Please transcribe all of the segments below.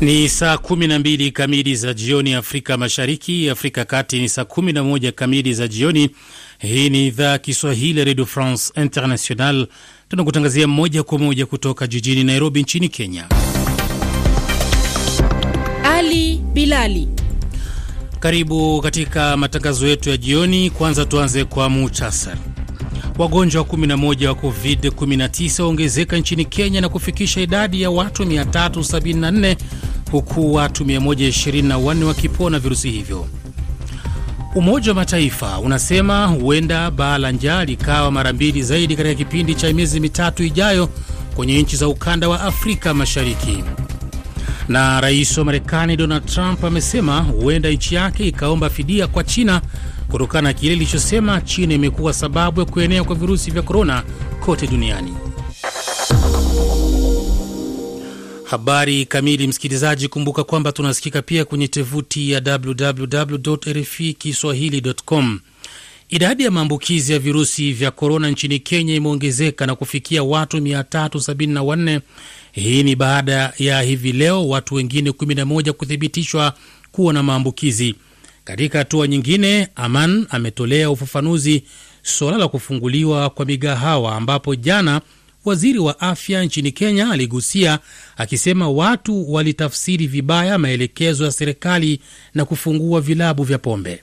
Ni saa 12 kamili za jioni Afrika Mashariki, Afrika Kati ni saa 11 kamili za jioni. Hii ni idhaa Kiswahili ya Radio France International, tunakutangazia moja kwa moja kutoka jijini Nairobi nchini Kenya. Ali Bilali, karibu katika matangazo yetu ya jioni. Kwanza tuanze kwa muhtasari. Wagonjwa 11 wa COVID-19 waongezeka nchini Kenya na kufikisha idadi ya watu 374 huku watu 124 wakipona virusi hivyo. Umoja wa Mataifa unasema huenda baa la njaa likawa mara mbili zaidi katika kipindi cha miezi mitatu ijayo kwenye nchi za ukanda wa Afrika Mashariki. Na rais wa Marekani Donald Trump amesema huenda nchi yake ikaomba fidia kwa China kutokana na kile ilichosema China imekuwa sababu ya kuenea kwa virusi vya korona kote duniani. Habari kamili, msikilizaji, kumbuka kwamba tunasikika pia kwenye tovuti ya www RFI kiswahili.com. Idadi ya maambukizi ya virusi vya korona nchini Kenya imeongezeka na kufikia watu 374. Hii ni baada ya hivi leo watu wengine 11 kuthibitishwa kuwa na maambukizi. Katika hatua nyingine, Aman ametolea ufafanuzi suala la kufunguliwa kwa migahawa ambapo jana waziri wa afya nchini Kenya aligusia akisema watu walitafsiri vibaya maelekezo ya serikali na kufungua vilabu vya pombe.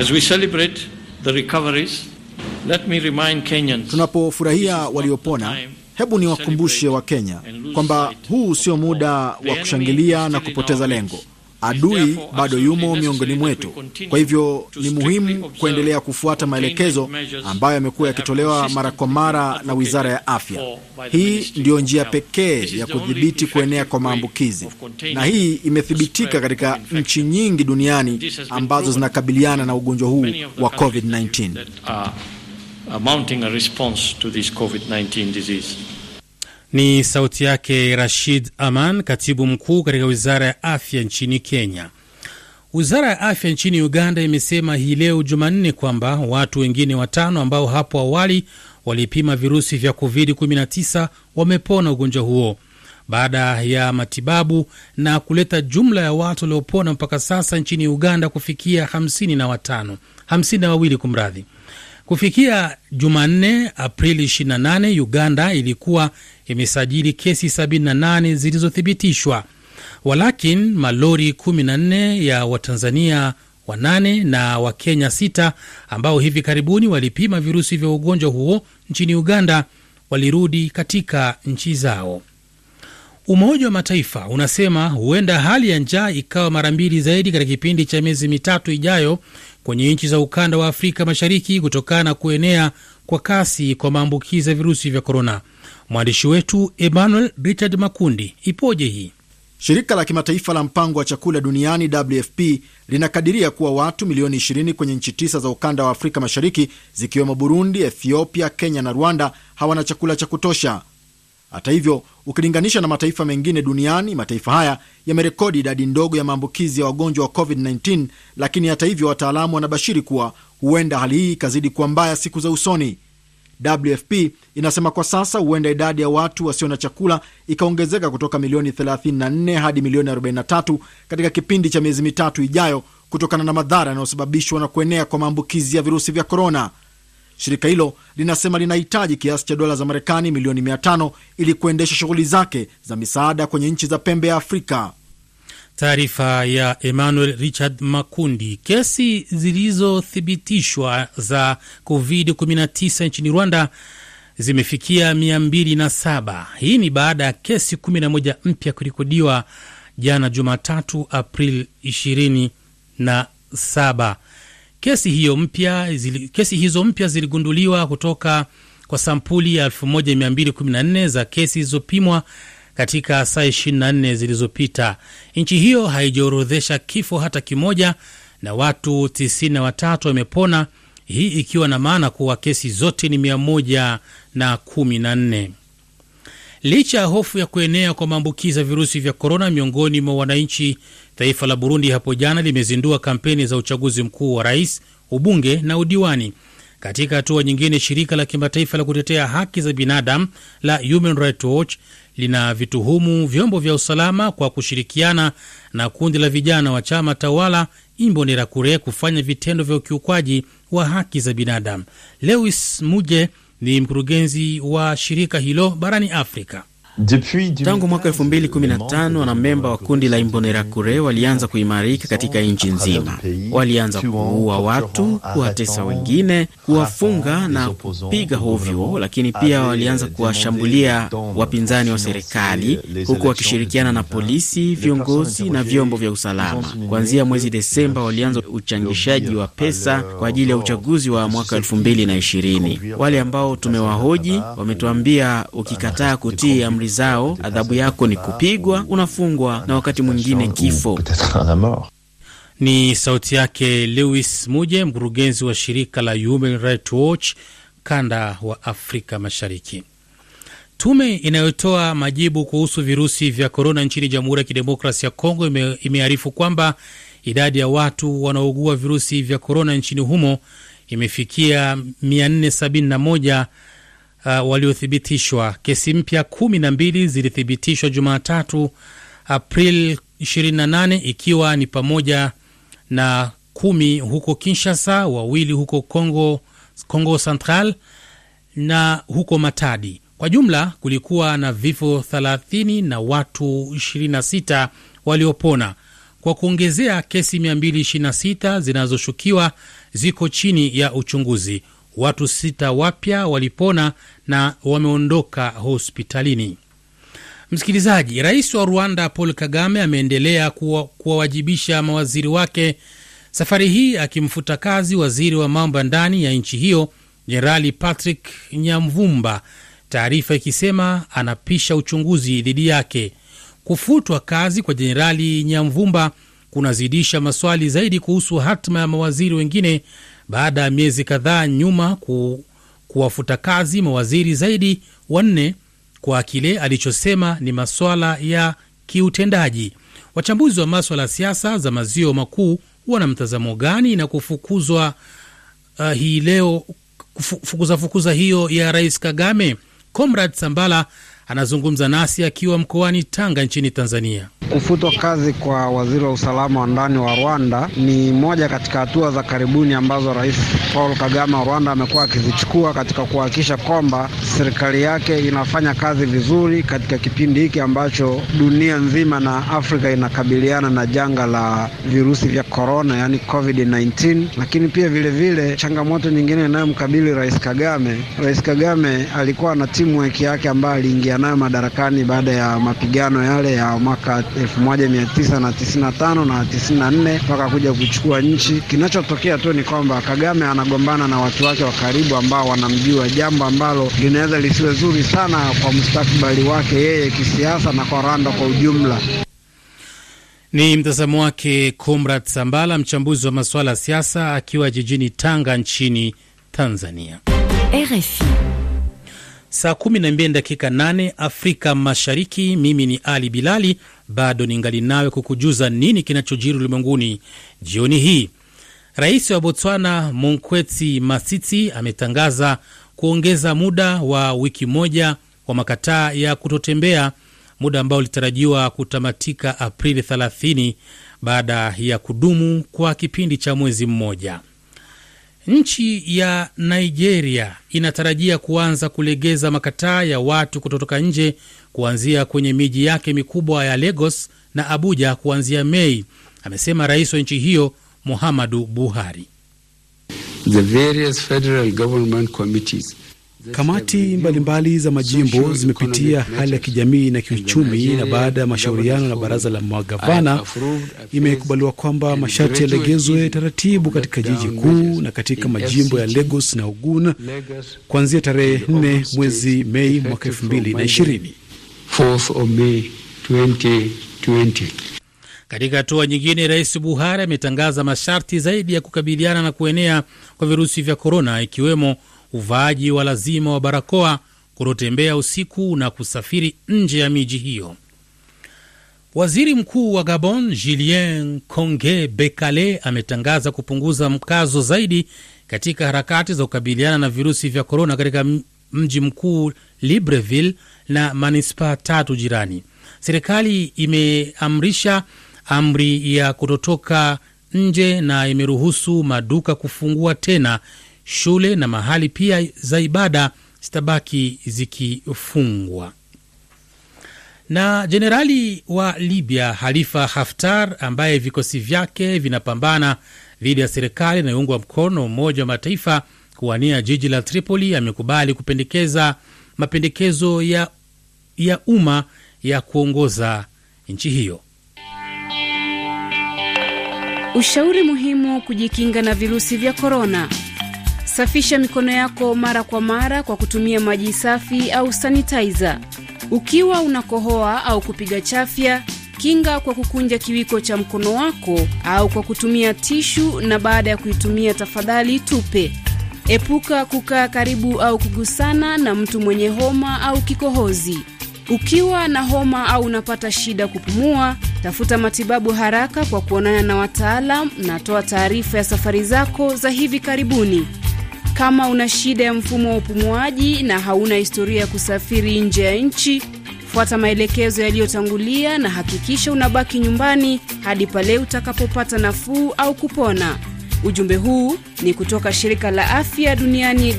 As we celebrate the recoveries, let me remind Kenyans, tunapofurahia waliopona hebu ni wakumbushe wa Kenya kwamba huu sio muda wa kushangilia na kupoteza lengo. Adui bado yumo miongoni mwetu. Kwa hivyo ni muhimu kuendelea kufuata maelekezo ambayo yamekuwa yakitolewa mara kwa mara na Wizara ya Afya. Hii ndiyo njia pekee ya kudhibiti kuenea kwa maambukizi, na hii imethibitika katika nchi nyingi duniani ambazo zinakabiliana na ugonjwa huu wa COVID-19. Ni sauti yake Rashid Aman, katibu mkuu katika wizara ya afya nchini Kenya. Wizara ya afya nchini Uganda imesema hii leo Jumanne kwamba watu wengine watano ambao hapo awali walipima virusi vya covid-19 wamepona ugonjwa huo baada ya matibabu na kuleta jumla ya watu waliopona mpaka sasa nchini Uganda kufikia hamsini na kumradhi. Kufikia Jumanne Aprili 28 Uganda ilikuwa imesajili kesi 78 zilizothibitishwa, walakin malori 14 ya Watanzania wanane na Wakenya sita ambao hivi karibuni walipima virusi vya ugonjwa huo nchini Uganda walirudi katika nchi zao. Umoja wa Mataifa unasema huenda hali ya njaa ikawa mara mbili zaidi katika kipindi cha miezi mitatu ijayo kwenye nchi za ukanda wa Afrika Mashariki kutokana na kuenea kwa kasi kwa maambukizi ya virusi vya korona. Mwandishi wetu Emmanuel Richard Makundi, ipoje hii? Shirika la kimataifa la mpango wa chakula duniani WFP linakadiria kuwa watu milioni 20 kwenye nchi tisa za ukanda wa Afrika Mashariki zikiwemo Burundi, Ethiopia, Kenya na Rwanda hawana chakula cha kutosha. Hata hivyo, ukilinganisha na mataifa mengine duniani, mataifa haya yamerekodi idadi ndogo ya maambukizi ya wagonjwa wa COVID-19, lakini hata hivyo, wataalamu wanabashiri kuwa huenda hali hii ikazidi kuwa mbaya siku za usoni. WFP inasema kwa sasa huenda idadi ya watu wasio na chakula ikaongezeka kutoka milioni 34 hadi milioni 43 katika kipindi cha miezi mitatu ijayo kutokana na madhara yanayosababishwa na kuenea kwa maambukizi ya virusi vya korona. Shirika hilo linasema linahitaji kiasi cha dola za Marekani milioni 500 ili kuendesha shughuli zake za misaada kwenye nchi za pembe ya Afrika. Taarifa ya Emmanuel Richard Makundi. Kesi zilizothibitishwa za COVID-19 nchini Rwanda zimefikia 207. Hii ni baada ya kesi 11 mpya kurekodiwa jana Jumatatu, Aprili 27. Kesi, hiyo mpya, zili, kesi hizo mpya ziligunduliwa kutoka kwa sampuli ya 1214 za kesi zilizopimwa katika saa 24 zilizopita. Nchi hiyo haijaorodhesha kifo hata kimoja na watu 93 wamepona, hii ikiwa na maana kuwa kesi zote ni 114. Licha ya hofu ya kuenea kwa maambukizi ya virusi vya korona miongoni mwa wananchi, taifa la Burundi hapo jana limezindua kampeni za uchaguzi mkuu wa rais, ubunge na udiwani. Katika hatua nyingine, shirika la kimataifa la kutetea haki za binadamu la Human Rights Watch linavituhumu vyombo vya usalama kwa kushirikiana na kundi la vijana wa chama tawala Imbonerakure kufanya vitendo vya ukiukwaji wa haki za binadamu. Lewis Muje ni mkurugenzi wa shirika hilo barani Afrika. Tangu mwaka 2015 wanamemba wa kundi la Imbonerakure walianza kuimarika katika nchi nzima. Walianza kuua watu, kuwatesa wengine, kuwafunga na kupiga hovyo, lakini pia walianza kuwashambulia wapinzani wa serikali, huku wakishirikiana na polisi, viongozi na vyombo vya usalama. Kuanzia mwezi Desemba walianza uchangishaji wa pesa kwa ajili ya uchaguzi wa mwaka 2020. Wale ambao tumewahoji wametuambia, ukikataa kutii amri shughuli zao, adhabu yako ni kupigwa, unafungwa na wakati mwingine kifo. Ni sauti yake Lewis Muje, mkurugenzi wa shirika la Human Rights Watch kanda wa Afrika Mashariki. Tume inayotoa majibu kuhusu virusi vya korona nchini Jamhuri ya Kidemokrasi ya Kongo ime, imearifu kwamba idadi ya watu wanaougua virusi vya korona nchini humo imefikia 471 uh, waliothibitishwa. Kesi mpya kumi na mbili zilithibitishwa Jumatatu April 28 ikiwa ni pamoja na kumi huko Kinshasa, wawili huko Congo, Congo Central na huko Matadi. Kwa jumla kulikuwa na vifo 30 na watu 26 waliopona. Kwa kuongezea, kesi 226 zinazoshukiwa ziko chini ya uchunguzi. Watu sita wapya walipona na wameondoka hospitalini. Msikilizaji, rais wa Rwanda Paul Kagame ameendelea kuwawajibisha kuwa mawaziri wake, safari hii akimfuta kazi waziri wa mambo ya ndani ya nchi hiyo Jenerali Patrick Nyamvumba, taarifa ikisema anapisha uchunguzi dhidi yake. Kufutwa kazi kwa Jenerali Nyamvumba kunazidisha maswali zaidi kuhusu hatima ya mawaziri wengine baada ya miezi kadhaa nyuma ku, kuwafuta kazi mawaziri zaidi wanne kwa kile alichosema ni maswala ya kiutendaji. Wachambuzi wa maswala ya siasa za maziwa makuu wana mtazamo gani na kufukuzwa uh, hii leo fukuzafukuza fukuza hiyo ya rais Kagame? Comrad Sambala anazungumza nasi akiwa mkoani Tanga nchini Tanzania. Kufutwa kazi kwa waziri wa usalama wa ndani wa Rwanda ni moja katika hatua za karibuni ambazo Rais Paul Kagame wa Rwanda amekuwa akizichukua katika kuhakikisha kwamba serikali yake inafanya kazi vizuri katika kipindi hiki ambacho dunia nzima na Afrika inakabiliana na janga la virusi vya korona, yaani COVID-19. Lakini pia vilevile vile, changamoto nyingine inayomkabili Rais Kagame, Rais Kagame alikuwa na timu yake ambayo aliingia nayo madarakani baada ya mapigano yale ya mwaka 1995 na 94 mpaka kuja kuchukua nchi. Kinachotokea tu ni kwamba Kagame anagombana na watu wake wa karibu ambao wanamjua, jambo ambalo linaweza lisiwe zuri sana kwa mustakabali wake yeye kisiasa na kwa Rwanda kwa ujumla. Ni mtazamo wake Comrad Sambala, mchambuzi wa masuala ya siasa, akiwa jijini Tanga nchini Tanzania, RFI saa 12 dakika 8 Afrika Mashariki. Mimi ni Ali Bilali, bado ningali nawe kukujuza nini kinachojiri ulimwenguni jioni hii. Rais wa Botswana Monkwetsi masiti ametangaza kuongeza muda wa wiki moja wa makataa ya kutotembea, muda ambao ulitarajiwa kutamatika Aprili 30 baada ya kudumu kwa kipindi cha mwezi mmoja. Nchi ya Nigeria inatarajia kuanza kulegeza makataa ya watu kutotoka nje kuanzia kwenye miji yake mikubwa ya Lagos na Abuja kuanzia Mei, amesema rais wa nchi hiyo Muhammadu Buhari. The various federal government committees Kamati mbalimbali mbali za majimbo zimepitia hali ya kijamii na kiuchumi, na baada ya mashauriano na baraza la magavana imekubaliwa kwamba masharti yalegezwe taratibu katika jiji kuu na katika majimbo ya Lagos na Ogun kuanzia tarehe 4 mwezi Mei mwaka 2020. Katika hatua nyingine, Rais Buhari ametangaza masharti zaidi ya kukabiliana na kuenea kwa virusi vya korona ikiwemo uvaaji wa lazima wa barakoa, kutotembea usiku na kusafiri nje ya miji hiyo. Waziri Mkuu wa Gabon Julien conge Bekale ametangaza kupunguza mkazo zaidi katika harakati za kukabiliana na virusi vya korona katika mji mkuu Libreville na manispaa tatu jirani. Serikali imeamrisha amri ya kutotoka nje na imeruhusu maduka kufungua tena shule na mahali pia za ibada zitabaki zikifungwa. Na jenerali wa Libya Khalifa Haftar, ambaye vikosi vyake vinapambana dhidi ya serikali inayoungwa mkono Umoja wa Mataifa kuwania jiji la Tripoli, amekubali kupendekeza mapendekezo ya, ya umma ya kuongoza nchi hiyo. Ushauri muhimu kujikinga na virusi vya korona. Safisha mikono yako mara kwa mara kwa kutumia maji safi au sanitizer. Ukiwa unakohoa au kupiga chafya, kinga kwa kukunja kiwiko cha mkono wako au kwa kutumia tishu, na baada ya kuitumia tafadhali tupe. Epuka kukaa karibu au kugusana na mtu mwenye homa au kikohozi. Ukiwa na homa au unapata shida kupumua, tafuta matibabu haraka kwa kuonana na wataalam na toa taarifa ya safari zako za hivi karibuni. Kama una shida ya mfumo wa upumuaji na hauna historia ya kusafiri nje ya nchi, fuata maelekezo yaliyotangulia na hakikisha unabaki nyumbani hadi pale utakapopata nafuu au kupona. Ujumbe huu ni kutoka shirika la afya duniani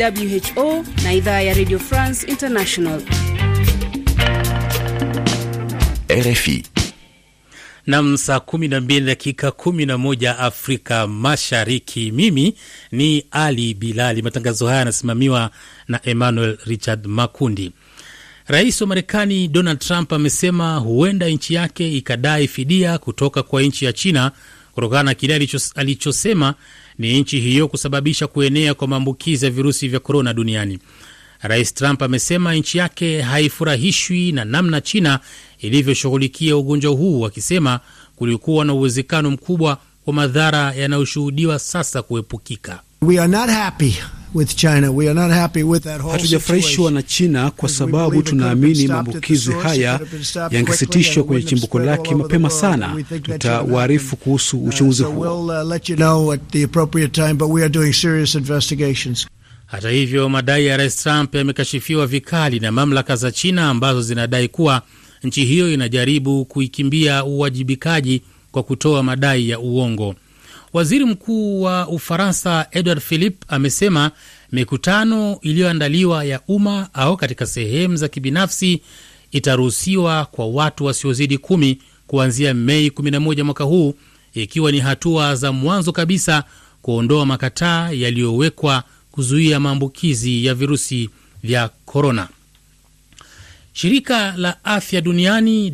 WHO na idhaa ya Radio France International. RFI nam saa kumi na mbili dakika kumi na moja Afrika Mashariki. Mimi ni Ali Bilali. Matangazo haya yanasimamiwa na Emmanuel Richard Makundi. Rais wa Marekani Donald Trump amesema huenda nchi yake ikadai fidia kutoka kwa nchi ya China kutokana na kile alichosema ni nchi hiyo kusababisha kuenea kwa maambukizi ya virusi vya korona duniani. Rais Trump amesema nchi yake haifurahishwi na namna China ilivyoshughulikia ugonjwa huu wakisema kulikuwa na uwezekano mkubwa wa madhara yanayoshuhudiwa sasa kuepukika. Hatujafurahishwa na China kwa sababu tunaamini maambukizi haya yangesitishwa kwenye chimbuko lake mapema sana. Tutawaarifu kuhusu uh, uchunguzi huo. Uh, Hata hivyo, madai ya Rais Trump yamekashifiwa vikali na mamlaka za China ambazo zinadai kuwa nchi hiyo inajaribu kuikimbia uwajibikaji kwa kutoa madai ya uongo. Waziri Mkuu wa Ufaransa Edward Philippe amesema mikutano iliyoandaliwa ya umma au katika sehemu za kibinafsi itaruhusiwa kwa watu wasiozidi kumi kuanzia Mei 11 mwaka huu, ikiwa ni hatua za mwanzo kabisa kuondoa makataa yaliyowekwa kuzuia maambukizi ya virusi vya korona. Shirika la afya duniani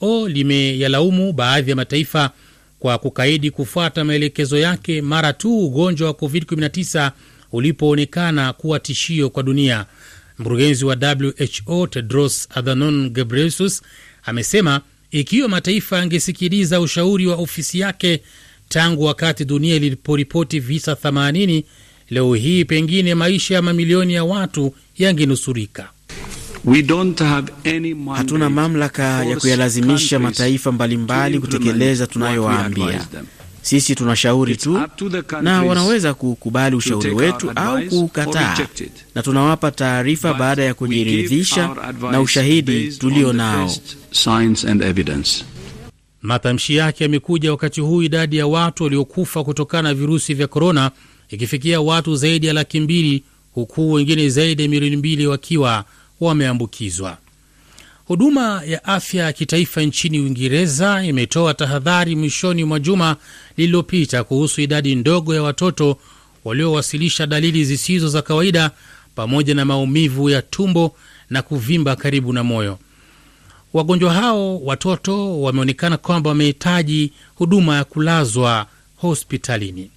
WHO limeyalaumu baadhi ya mataifa kwa kukaidi kufuata maelekezo yake mara tu ugonjwa wa COVID-19 ulipoonekana kuwa tishio kwa dunia. Mkurugenzi wa WHO Tedros Adhanom Ghebreyesus amesema ikiwa mataifa yangesikiliza ushauri wa ofisi yake tangu wakati dunia iliporipoti visa 80, leo hii pengine maisha ya mamilioni ya watu yangenusurika. Hatuna mamlaka ya kuyalazimisha mataifa mbalimbali kutekeleza tunayowaambia. Sisi tunashauri tu na wanaweza kukubali ushauri wetu au kuukataa, na tunawapa taarifa baada ya kujiridhisha na ushahidi tulio nao. Matamshi yake yamekuja wakati huu idadi ya watu waliokufa kutokana na virusi vya korona ikifikia watu zaidi ya laki mbili huku wengine zaidi ya milioni mbili wakiwa wameambukizwa. Huduma ya afya ya kitaifa nchini Uingereza imetoa tahadhari mwishoni mwa juma lililopita kuhusu idadi ndogo ya watoto waliowasilisha dalili zisizo za kawaida pamoja na maumivu ya tumbo na kuvimba karibu na moyo. Wagonjwa hao watoto wameonekana kwamba wamehitaji huduma ya kulazwa hospitalini.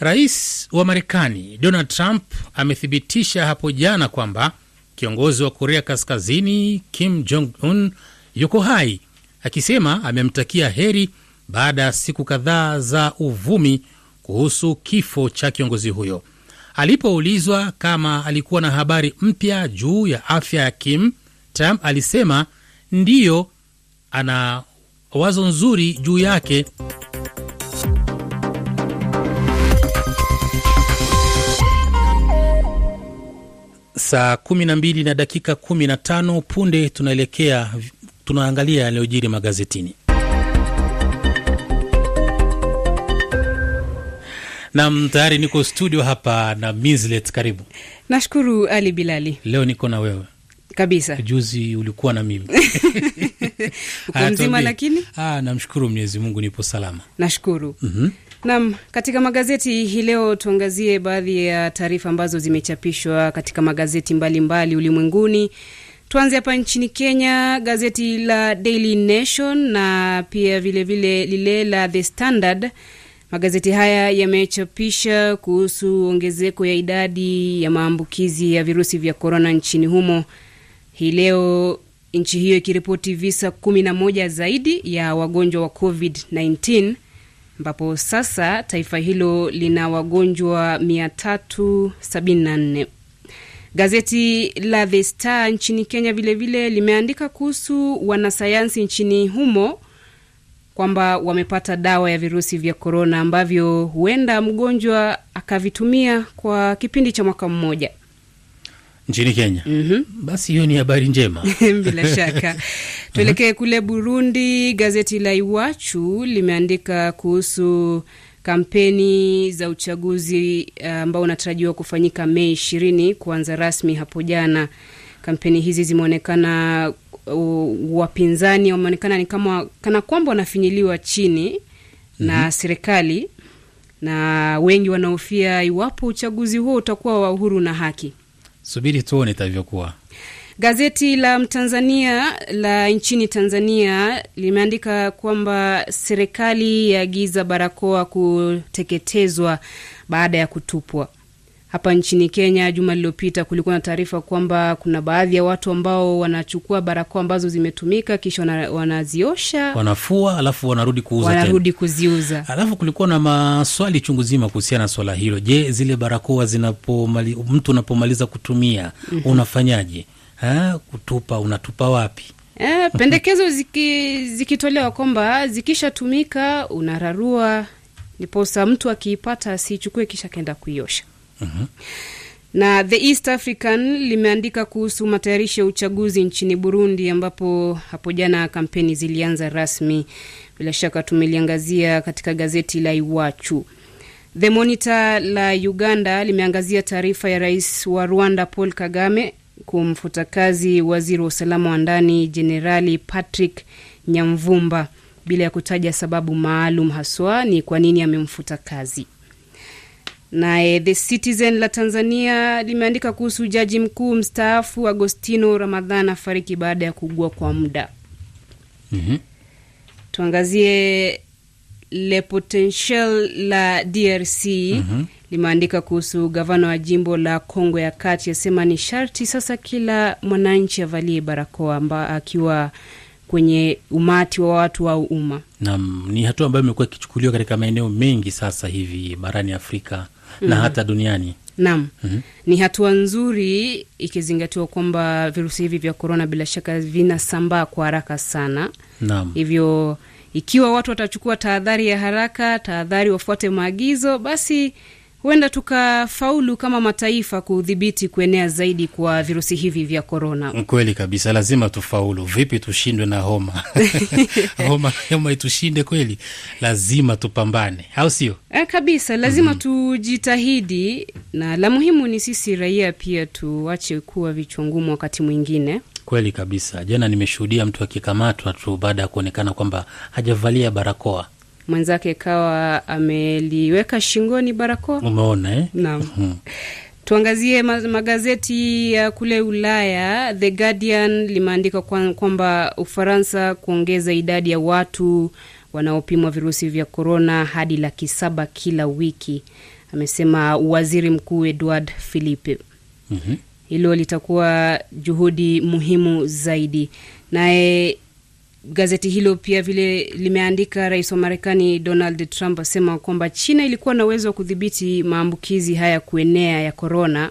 Rais wa Marekani Donald Trump amethibitisha hapo jana kwamba Kiongozi wa Korea Kaskazini Kim Jong Un yuko hai akisema amemtakia heri baada ya siku kadhaa za uvumi kuhusu kifo cha kiongozi huyo. Alipoulizwa kama alikuwa na habari mpya juu ya afya ya Kim, Trump alisema ndiyo, ana wazo nzuri juu yake. saa 12 na dakika 15 punde tunaelekea tunaangalia yaliyojiri magazetini. Nam, tayari niko studio hapa na Mislet, karibu. Nashukuru Ali Bilali, leo niko na wewe kabisa. Juzi ulikuwa na mimi uko mzima, lakini ah, namshukuru Mwenyezi Mungu, nipo salama, nashukuru mm -hmm. Nam, katika magazeti hii leo tuangazie baadhi ya taarifa ambazo zimechapishwa katika magazeti mbalimbali mbali ulimwenguni. Tuanze hapa nchini Kenya, gazeti la Daily Nation na pia vilevile lile la The Standard. Magazeti haya yamechapisha kuhusu ongezeko ya idadi ya maambukizi ya virusi vya korona nchini humo, hii leo nchi hiyo ikiripoti visa 11 zaidi ya wagonjwa wa COVID-19 ambapo sasa taifa hilo lina wagonjwa 374. Gazeti la The Star nchini Kenya vilevile vile limeandika kuhusu wanasayansi nchini humo kwamba wamepata dawa ya virusi vya korona ambavyo huenda mgonjwa akavitumia kwa kipindi cha mwaka mmoja nchini Kenya. mm -hmm. Basi hiyo ni habari njema bila shaka. Tuelekee kule Burundi. Gazeti la Iwachu limeandika kuhusu kampeni za uchaguzi eh, ambao unatarajiwa kufanyika Mei ishirini kuanza rasmi hapo jana. Kampeni hizi zimeonekana wapinzani wameonekana ni kama kana kwamba wanafinyiliwa chini mm -hmm. na mhm. serikali, na wengi wanahofia iwapo uchaguzi huo utakuwa wa uhuru na haki subiri tuone itavyokuwa. Gazeti la Mtanzania la nchini Tanzania limeandika kwamba serikali yaagiza barakoa kuteketezwa baada ya kutupwa. Hapa nchini Kenya juma lililopita kulikuwa na taarifa kwamba kuna baadhi ya watu ambao wanachukua barakoa ambazo zimetumika kisha wana, wanaziosha wanafua, alafu wanarudi kuuza, wanarudi kuziuza. Alafu kulikuwa na maswali chungu zima kuhusiana na swala hilo. Je, zile barakoa zinapomali, mtu unapomaliza kutumia mm -hmm. unafanyaje? kutupa unatupa wapi? Eh, pendekezo ziki, zikitolewa kwamba zikishatumika unararua, niposa mtu akiipata asiichukue kisha akaenda kuiosha uh mhm. -huh. Na The East African limeandika kuhusu matayarisho ya uchaguzi nchini Burundi, ambapo hapo jana kampeni zilianza rasmi. Bila shaka tumeliangazia katika gazeti la Iwachu. The Monitor la Uganda limeangazia taarifa ya rais wa Rwanda Paul Kagame kumfuta kazi waziri wa usalama wa ndani Jenerali Patrick Nyamvumba bila ya kutaja sababu maalum haswa ni kwa nini amemfuta kazi. Naye The Citizen la Tanzania limeandika kuhusu jaji mkuu mstaafu Agostino Ramadhan afariki baada ya kuugua kwa muda. mm -hmm. Tuangazie Le Potentiel la DRC mm -hmm. limeandika kuhusu gavana wa jimbo la Kongo ya Kati asema ni sharti sasa kila mwananchi avalie barakoa amba akiwa kwenye umati wa watu au umma. Naam, ni hatua ambayo imekuwa ikichukuliwa katika maeneo mengi sasa hivi barani Afrika mm -hmm. na mm-hmm. hata duniani. Naam. mm -hmm. Ni hatua nzuri ikizingatiwa kwamba virusi hivi vya korona bila shaka vinasambaa kwa haraka sana. Naam. Hivyo ikiwa watu watachukua tahadhari ya haraka, tahadhari, wafuate maagizo, basi huenda tukafaulu kama mataifa kudhibiti kuenea zaidi kwa virusi hivi vya korona. Kweli kabisa, lazima tufaulu. Vipi tushindwe na homa? homa, homa itushinde kweli? Lazima tupambane, au sio? E, kabisa, lazima mm -hmm. tujitahidi, na la muhimu ni sisi raia pia tuache kuwa vichwa ngumu wakati mwingine. Kweli kabisa. Jana nimeshuhudia mtu akikamatwa tu baada ya kuonekana kwamba hajavalia barakoa mwenzake kawa ameliweka shingoni barakoa. Umeona eh? Naam. Hmm. Tuangazie magazeti ya kule Ulaya. The Guardian limeandika kwamba Ufaransa kuongeza idadi ya watu wanaopimwa virusi vya korona hadi laki saba kila wiki, amesema waziri mkuu Edward Philippe. mm -hmm. Hilo litakuwa juhudi muhimu zaidi. Naye Gazeti hilo pia vile limeandika, rais wa Marekani Donald Trump asema kwamba China ilikuwa na uwezo wa kudhibiti maambukizi haya kuenea ya korona,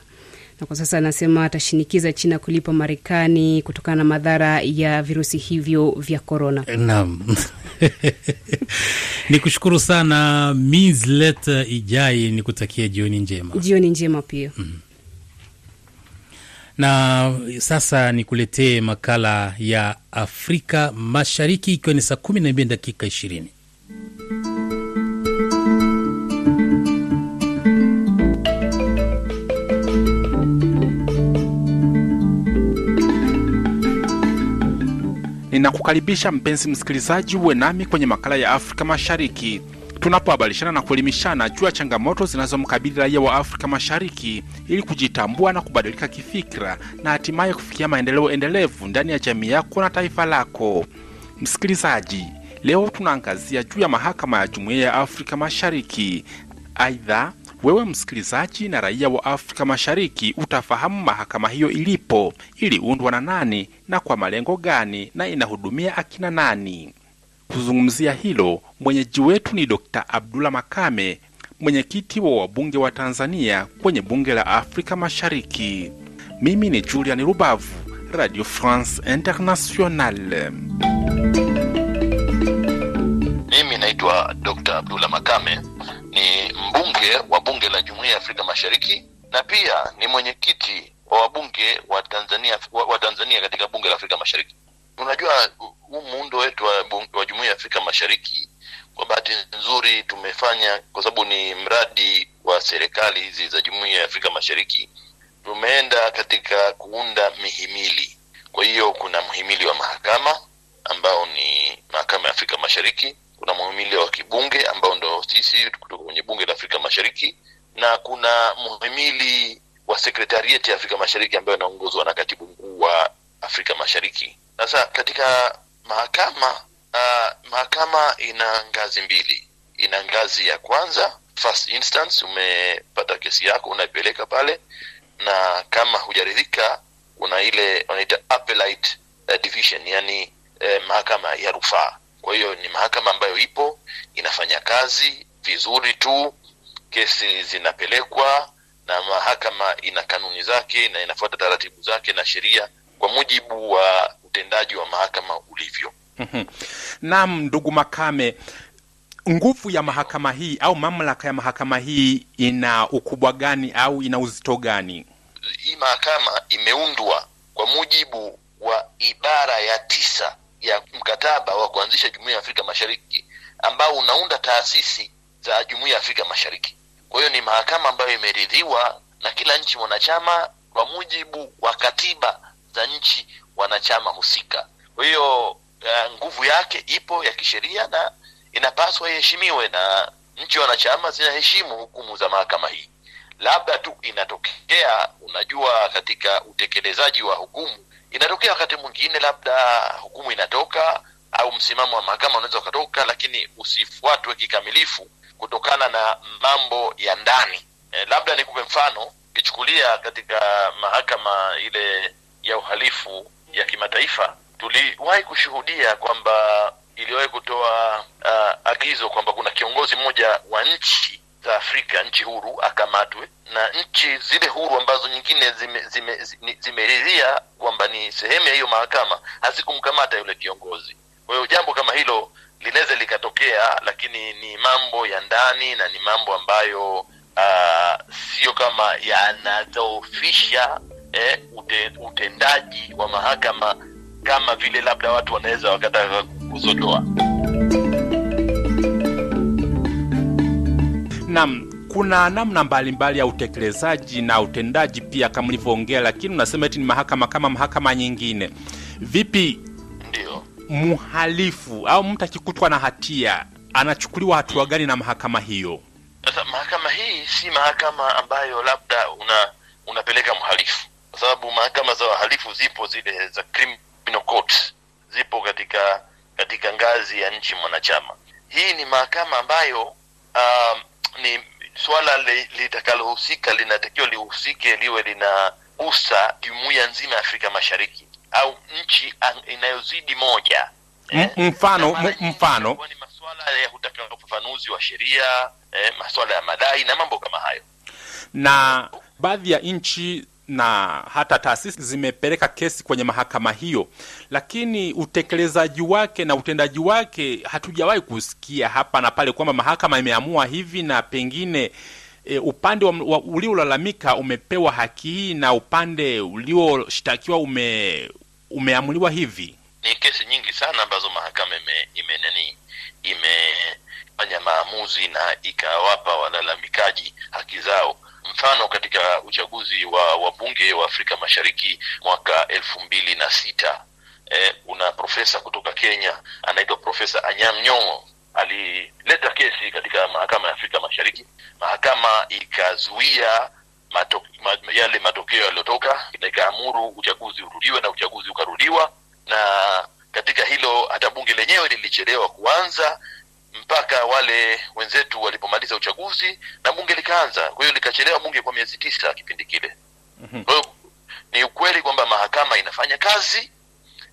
na kwa sasa anasema atashinikiza China kulipa Marekani kutokana na madhara ya virusi hivyo vya korona. Naam. ni kushukuru sana Mislet Ijai, ni kutakia jioni njema. Jioni njema pia mm. Na sasa nikuletee makala ya Afrika Mashariki, ikiwa ni saa kumi na mbili dakika ishirini. Ninakukaribisha mpenzi msikilizaji, uwe nami kwenye makala ya Afrika Mashariki tunapohabarishana na kuelimishana juu ya changamoto zinazomkabili raia wa Afrika Mashariki ili kujitambua na kubadilika kifikira na hatimaye kufikia maendeleo endelevu ndani ya jamii yako na taifa lako. Msikilizaji, leo tunaangazia juu ya mahakama ya Jumuiya ya Afrika Mashariki. Aidha, wewe msikilizaji na raia wa Afrika Mashariki utafahamu mahakama hiyo ilipo, iliundwa na nani na kwa malengo gani, na inahudumia akina nani. Kuzungumzia hilo mwenyeji wetu ni Dr. Abdullah Makame, mwenyekiti wa wabunge wa Tanzania kwenye bunge la Afrika Mashariki. Mimi ni Julian Rubavu, Radio France Internationale. Mimi naitwa Dr. Abdullah Makame, ni mbunge wa bunge la Jumuiya ya Afrika Mashariki na pia ni mwenyekiti wa wabunge wa Tanzania, wa Tanzania katika bunge la Afrika Mashariki unajua huu muundo wetu wa, wa jumuia ya Afrika Mashariki kwa bahati nzuri tumefanya kwa sababu ni mradi wa serikali hizi za jumuia ya Afrika Mashariki, tumeenda katika kuunda mihimili. Kwa hiyo kuna mhimili wa mahakama ambao ni mahakama ya Afrika Mashariki, kuna mhimili wa kibunge ambao ndo sisi kutoka kwenye bunge la Afrika Mashariki, na kuna mhimili wa sekretarieti ya Afrika Mashariki ambayo inaongozwa na katibu mkuu wa Afrika Mashariki sasa katika mahakama uh, mahakama ina ngazi mbili. Ina ngazi ya kwanza first instance, umepata kesi yako unaipeleka pale, na kama hujaridhika kuna ile wanaita uh, division, yani eh, mahakama ya rufaa. Kwa hiyo ni mahakama ambayo ipo inafanya kazi vizuri tu, kesi zinapelekwa na mahakama ina kanuni zake na inafuata taratibu zake na sheria kwa mujibu wa utendaji wa mahakama ulivyo. Mhm. Naam, ndugu Makame, nguvu ya mahakama hii au mamlaka ya mahakama hii ina ukubwa gani au ina uzito gani? Hii mahakama imeundwa kwa mujibu wa ibara ya tisa ya mkataba wa kuanzisha Jumuiya ya Afrika Mashariki ambao unaunda taasisi za Jumuiya ya Afrika Mashariki. Kwa hiyo ni mahakama ambayo imeridhiwa na kila nchi mwanachama kwa mujibu wa katiba za nchi wanachama husika. Kwa hiyo uh, nguvu yake ipo ya kisheria na inapaswa iheshimiwe, na nchi wanachama zinaheshimu hukumu za mahakama hii. Labda tu inatokea, unajua, katika utekelezaji wa hukumu inatokea wakati mwingine, labda hukumu inatoka au msimamo wa mahakama unaweza ukatoka, lakini usifuatwe kikamilifu kutokana na mambo ya ndani. E, labda nikupe mfano, ukichukulia katika mahakama ile ya uhalifu ya kimataifa, tuliwahi kushuhudia kwamba iliwahi kutoa uh, agizo kwamba kuna kiongozi mmoja wa nchi za Afrika, nchi huru akamatwe, na nchi zile huru ambazo nyingine zimeridhia zime, zime, zime kwamba ni sehemu ya hiyo mahakama hazikumkamata yule kiongozi. Kwa hiyo jambo kama hilo linaweza likatokea, lakini ni mambo ya ndani na ni mambo ambayo uh, sio kama yanadhoofisha eh, ute, utendaji wa mahakama kama vile labda watu wanaweza wakataka kuzodoa. nam kuna namna mbalimbali mbali ya utekelezaji na utendaji pia, kama ulivyoongea, lakini unasema eti ni mahakama kama mahakama nyingine. Vipi ndio mhalifu au mtu akikutwa na hatia anachukuliwa hatua gani na mahakama hiyo? Sasa mahakama hii si mahakama ambayo labda una unapeleka mhalifu kwa sababu mahakama za wahalifu zipo zile za criminal court zipo katika katika ngazi ya nchi mwanachama. Hii ni mahakama ambayo uh, ni swala litakalohusika li linatakiwa lihusike liwe linagusa jumuiya nzima ya Afrika Mashariki au nchi inayozidi moja eh, mfano mfano ni masuala ya kutaka ufafanuzi wa sheria eh, masuala ya madai na mambo kama hayo, na baadhi ya nchi na hata taasisi zimepeleka kesi kwenye mahakama hiyo, lakini utekelezaji wake na utendaji wake hatujawahi kusikia hapa na pale kwamba mahakama imeamua hivi na pengine E, upande uliolalamika umepewa haki hii na upande ulioshtakiwa ume, umeamuliwa hivi. Ni kesi nyingi sana ambazo mahakama ime, ime nani imefanya maamuzi na ikawapa walalamikaji haki zao, Mfano, katika uchaguzi wa wabunge wa Afrika Mashariki mwaka elfu mbili na sita kuna e, una profesa kutoka Kenya anaitwa Profesa anyam Nyong'o alileta kesi katika mahakama ya Afrika Mashariki. Mahakama ikazuia mato, ma, yale matokeo yaliyotoka na ikaamuru uchaguzi urudiwe na uchaguzi ukarudiwa, na katika hilo hata bunge lenyewe lilichelewa kuanza mpaka wale wenzetu walipomaliza uchaguzi na bunge likaanza. Kwa hiyo likachelewa bunge kwa miezi tisa kipindi kile. Mhm. Kwa hiyo ni ukweli kwamba mahakama inafanya kazi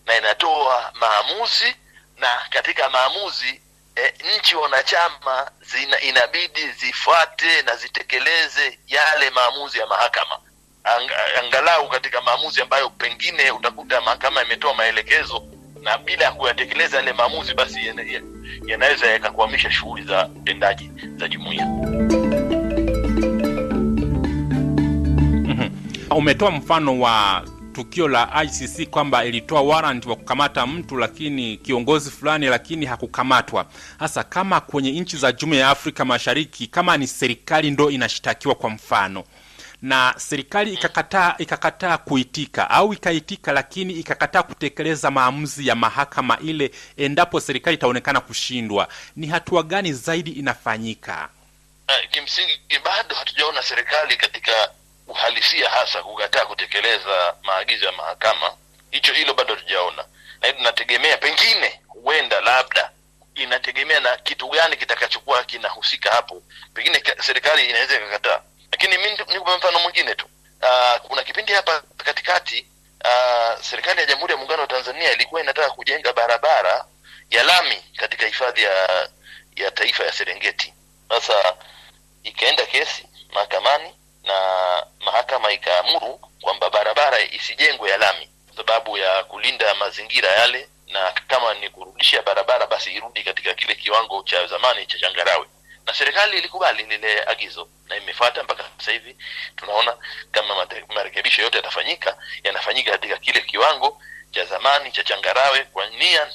na inatoa maamuzi, na katika maamuzi e, nchi wanachama zina, inabidi zifuate na zitekeleze yale maamuzi ya mahakama Ang, angalau katika maamuzi ambayo pengine utakuta mahakama imetoa maelekezo na bila ya kuyatekeleza yale maamuzi basi yanaweza yakakwamisha shughuli za utendaji za jumuiya. Mhm. Umetoa mfano wa tukio la ICC kwamba ilitoa warrant wa kukamata mtu lakini kiongozi fulani, lakini hakukamatwa. Hasa kama kwenye nchi za jumuiya ya Afrika Mashariki, kama ni serikali ndo inashtakiwa kwa mfano na serikali ikakataa ikakataa kuitika au ikaitika, lakini ikakataa kutekeleza maamuzi ya mahakama ile endapo serikali itaonekana kushindwa, ni hatua gani zaidi inafanyika? Eh, kimsingi bado hatujaona serikali katika uhalisia hasa kukataa kutekeleza maagizo ya mahakama, hicho hilo bado hatujaona, na tunategemea pengine, huenda, labda inategemea na kitu gani kitakachokuwa kinahusika hapo. Pengine serikali inaweza ikakataa lakini mi nikupe mfano mwingine tu. Uh, kuna kipindi hapa katikati uh, serikali ya Jamhuri ya Muungano wa Tanzania ilikuwa inataka kujenga barabara ya lami katika hifadhi ya ya taifa ya Serengeti. Sasa ikaenda kesi mahakamani na mahakama ikaamuru kwamba barabara isijengwe ya lami kwa sababu ya kulinda mazingira yale, na kama ni kurudisha barabara basi irudi katika kile kiwango cha zamani cha changarawe na serikali ilikubali lile agizo na imefuata mpaka sasa hivi. Tunaona kama marekebisho yote yatafanyika, yanafanyika katika kile kiwango cha zamani cha changarawe kwa nia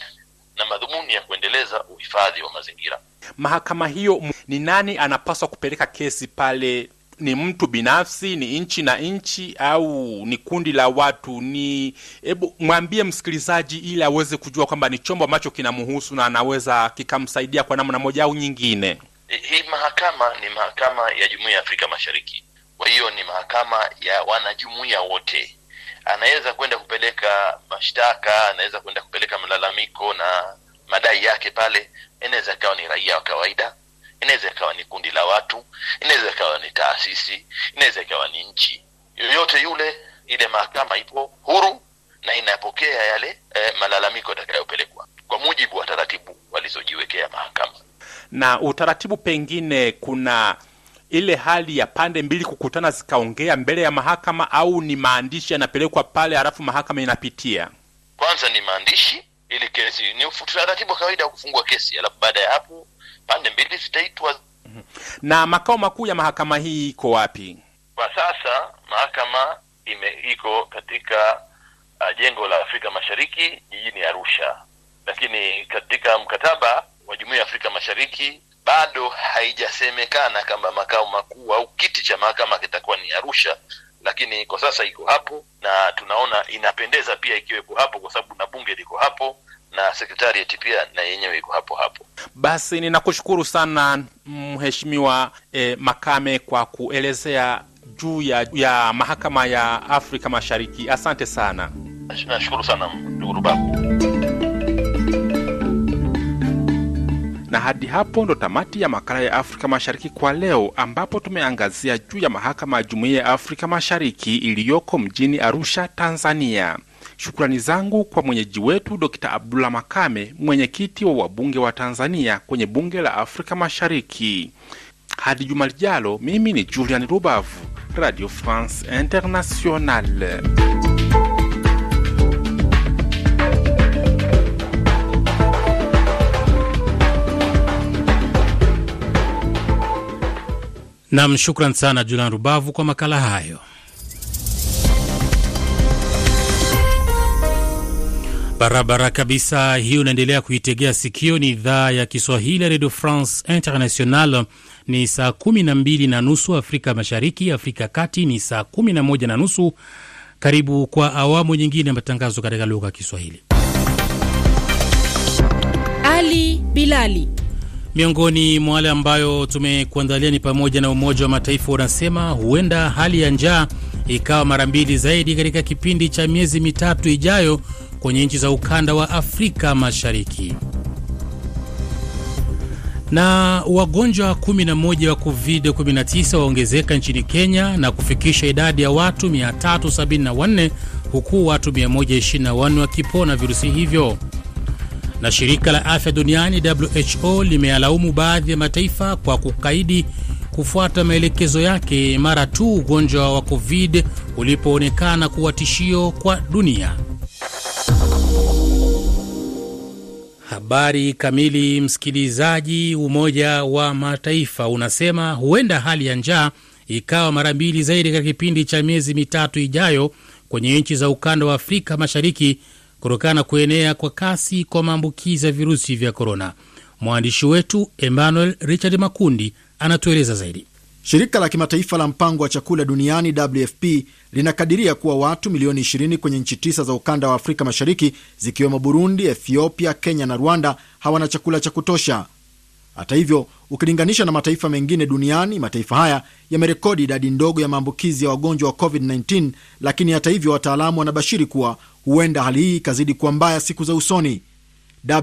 na madhumuni ya kuendeleza uhifadhi wa mazingira. Mahakama hiyo ni nani anapaswa kupeleka kesi pale? Ni mtu binafsi, ni nchi na nchi, au ni kundi la watu? Ni hebu mwambie msikilizaji, ili aweze kujua kwamba ni chombo ambacho kinamhusu na anaweza kikamsaidia kwa namna moja au nyingine. Eh, hii mahakama ni mahakama ya jumuia ya Afrika Mashariki, kwa hiyo ni mahakama ya wanajumuia wote. Anaweza kwenda kupeleka mashtaka, anaweza kwenda kupeleka malalamiko na madai yake pale. Inaweza ikawa ni raia wa kawaida, inaweza ikawa ni kundi la watu, inaweza ikawa ni taasisi, inaweza ikawa ni nchi yoyote yule. Ile mahakama ipo huru na inapokea yale eh, malalamiko atakayopelekwa kwa mujibu wa taratibu walizojiwekea mahakama na utaratibu, pengine kuna ile hali ya pande mbili kukutana zikaongea mbele ya mahakama, au ni maandishi yanapelekwa pale halafu mahakama inapitia? Kwanza ni maandishi, ili kesi ni utaratibu wa kawaida wa kufungua kesi, alafu baada ya hapo pande mbili zitaitwa. Mhm. Na makao makuu ya mahakama hii iko wapi kwa sasa? Mahakama ime- iko katika uh, jengo la Afrika Mashariki jijini Arusha, lakini katika mkataba wa Jumuiya ya Afrika Mashariki bado haijasemekana kama makao makuu au kiti cha mahakama kitakuwa ni Arusha, lakini kwa sasa iko hapo na tunaona inapendeza pia ikiwepo hapo, kwa sababu na bunge liko hapo na sekretarieti pia na yenyewe iko hapo hapo. Basi ninakushukuru sana Mheshimiwa eh, Makame kwa kuelezea juu ya, ya mahakama ya Afrika Mashariki. Asante sana, nashukuru sana ndugu Rubavu. Na hadi hapo ndo tamati ya makala ya Afrika Mashariki kwa leo, ambapo tumeangazia juu ya mahakama ya Jumuiya ya Afrika Mashariki iliyoko mjini Arusha, Tanzania. Shukrani zangu kwa mwenyeji wetu Dr. Abdullah Makame, mwenyekiti wa wabunge wa Tanzania kwenye bunge la Afrika Mashariki. Hadi juma lijalo, mimi ni Julian Rubavu, Radio France Internationale. Nam, shukran sana Julian Rubavu kwa makala hayo. Barabara kabisa hiyo unaendelea kuitegea sikio. Ni idhaa ya Kiswahili ya Radio France International. Ni saa kumi na mbili na nusu Afrika Mashariki, Afrika ya Kati ni saa kumi na moja na nusu. Karibu kwa awamu nyingine ya matangazo katika lugha ya Kiswahili. Ali Bilali Miongoni mwa wale ambayo tumekuandalia ni pamoja na Umoja wa Mataifa unasema huenda hali ya njaa ikawa mara mbili zaidi katika kipindi cha miezi mitatu ijayo kwenye nchi za ukanda wa Afrika Mashariki. Na wagonjwa 11 wa COVID-19 waongezeka nchini Kenya na kufikisha idadi ya watu 374 huku watu 124 wakipona virusi hivyo. Na shirika la afya duniani WHO limealaumu baadhi ya mataifa kwa kukaidi kufuata maelekezo yake mara tu ugonjwa wa COVID ulipoonekana kuwa tishio kwa dunia. Habari kamili, msikilizaji. Umoja wa Mataifa unasema huenda hali ya njaa ikawa mara mbili zaidi katika kipindi cha miezi mitatu ijayo kwenye nchi za ukanda wa Afrika Mashariki kutokana na kuenea kwa kasi kwa maambukizi ya virusi vya korona. Mwandishi wetu Emmanuel Richard Makundi anatueleza zaidi. Shirika la kimataifa la mpango wa chakula duniani WFP linakadiria kuwa watu milioni 20 kwenye nchi tisa za ukanda wa Afrika Mashariki zikiwemo Burundi, Ethiopia, Kenya na Rwanda hawana chakula cha kutosha. Hata hivyo, ukilinganisha na mataifa mengine duniani, mataifa haya yamerekodi idadi ndogo ya maambukizi ya wagonjwa wa COVID-19, lakini hata hivyo, wataalamu wanabashiri kuwa huenda hali hii ikazidi kuwa mbaya siku za usoni.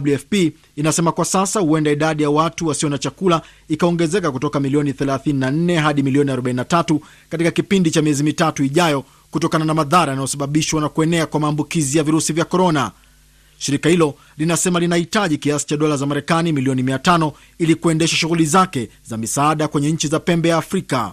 WFP inasema kwa sasa huenda idadi ya watu wasio na chakula ikaongezeka kutoka milioni 34 hadi milioni 43 katika kipindi cha miezi mitatu ijayo kutokana na madhara yanayosababishwa na kuenea kwa maambukizi ya virusi vya korona. Shirika hilo linasema linahitaji kiasi cha dola za Marekani milioni 5 ili kuendesha shughuli zake za misaada kwenye nchi za pembe ya Afrika.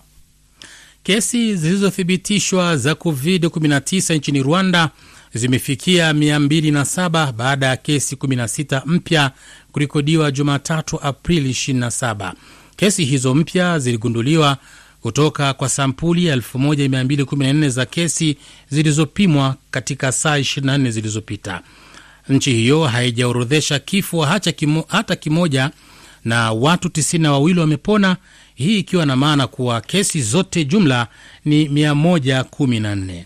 Kesi zilizothibitishwa za COVID-19 nchini Rwanda zimefikia 207 baada ya kesi 16 mpya kurekodiwa Jumatatu, Aprili 27. Kesi hizo mpya ziligunduliwa kutoka kwa sampuli 1214 za kesi zilizopimwa katika saa 24 zilizopita. Nchi hiyo haijaorodhesha kifo hata, kimo, hata kimoja na watu tisini na wawili wamepona, hii ikiwa na maana kuwa kesi zote jumla ni 114.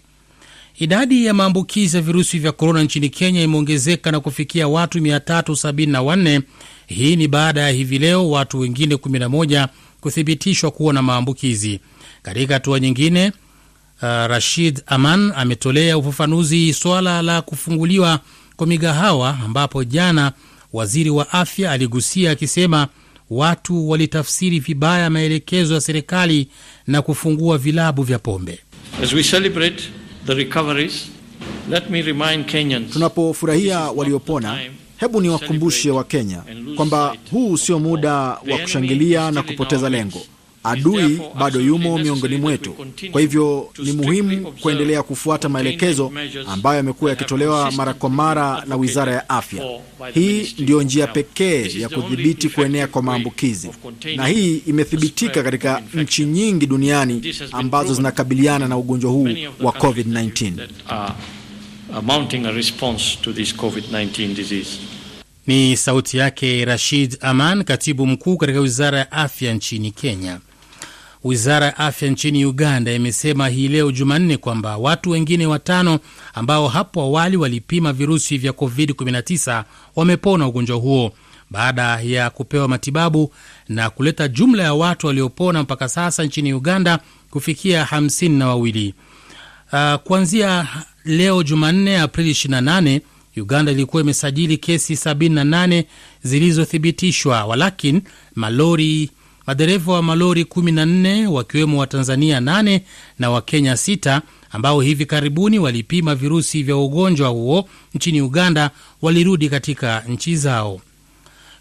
Idadi ya maambukizi ya virusi vya korona nchini Kenya imeongezeka na kufikia watu 374. Hii ni baada ya hivi leo watu wengine 11 kuthibitishwa kuwa na maambukizi. Katika hatua nyingine, uh, Rashid Aman ametolea ufafanuzi swala la kufunguliwa kwa migahawa ambapo jana waziri wa afya aligusia akisema watu walitafsiri vibaya maelekezo ya serikali na kufungua vilabu vya pombe. As we tunapofurahia waliopona, hebu niwakumbushe Wakenya kwamba huu sio muda wa kushangilia na kupoteza lengo. Adui bado yumo miongoni mwetu. Kwa hivyo ni muhimu kuendelea kufuata maelekezo ambayo yamekuwa yakitolewa mara kwa mara na Wizara ya Afya. Hii ndiyo njia pekee ya kudhibiti kuenea kwa maambukizi, na hii imethibitika katika nchi nyingi duniani ambazo zinakabiliana na ugonjwa huu wa COVID-19. Ni sauti yake Rashid Aman, katibu mkuu katika Wizara ya Afya nchini Kenya. Wizara ya afya nchini Uganda imesema hii leo Jumanne kwamba watu wengine watano ambao hapo awali walipima virusi vya COVID-19 wamepona ugonjwa huo baada ya kupewa matibabu na kuleta jumla ya watu waliopona mpaka sasa nchini Uganda kufikia hamsini na wawili. Uh, kuanzia leo Jumanne Aprili 28 Uganda ilikuwa imesajili kesi 78 zilizothibitishwa, walakin malori madereva wa malori 14 wakiwemo Watanzania 8 na Wakenya 6 ambao hivi karibuni walipima virusi vya ugonjwa huo nchini Uganda walirudi katika nchi zao.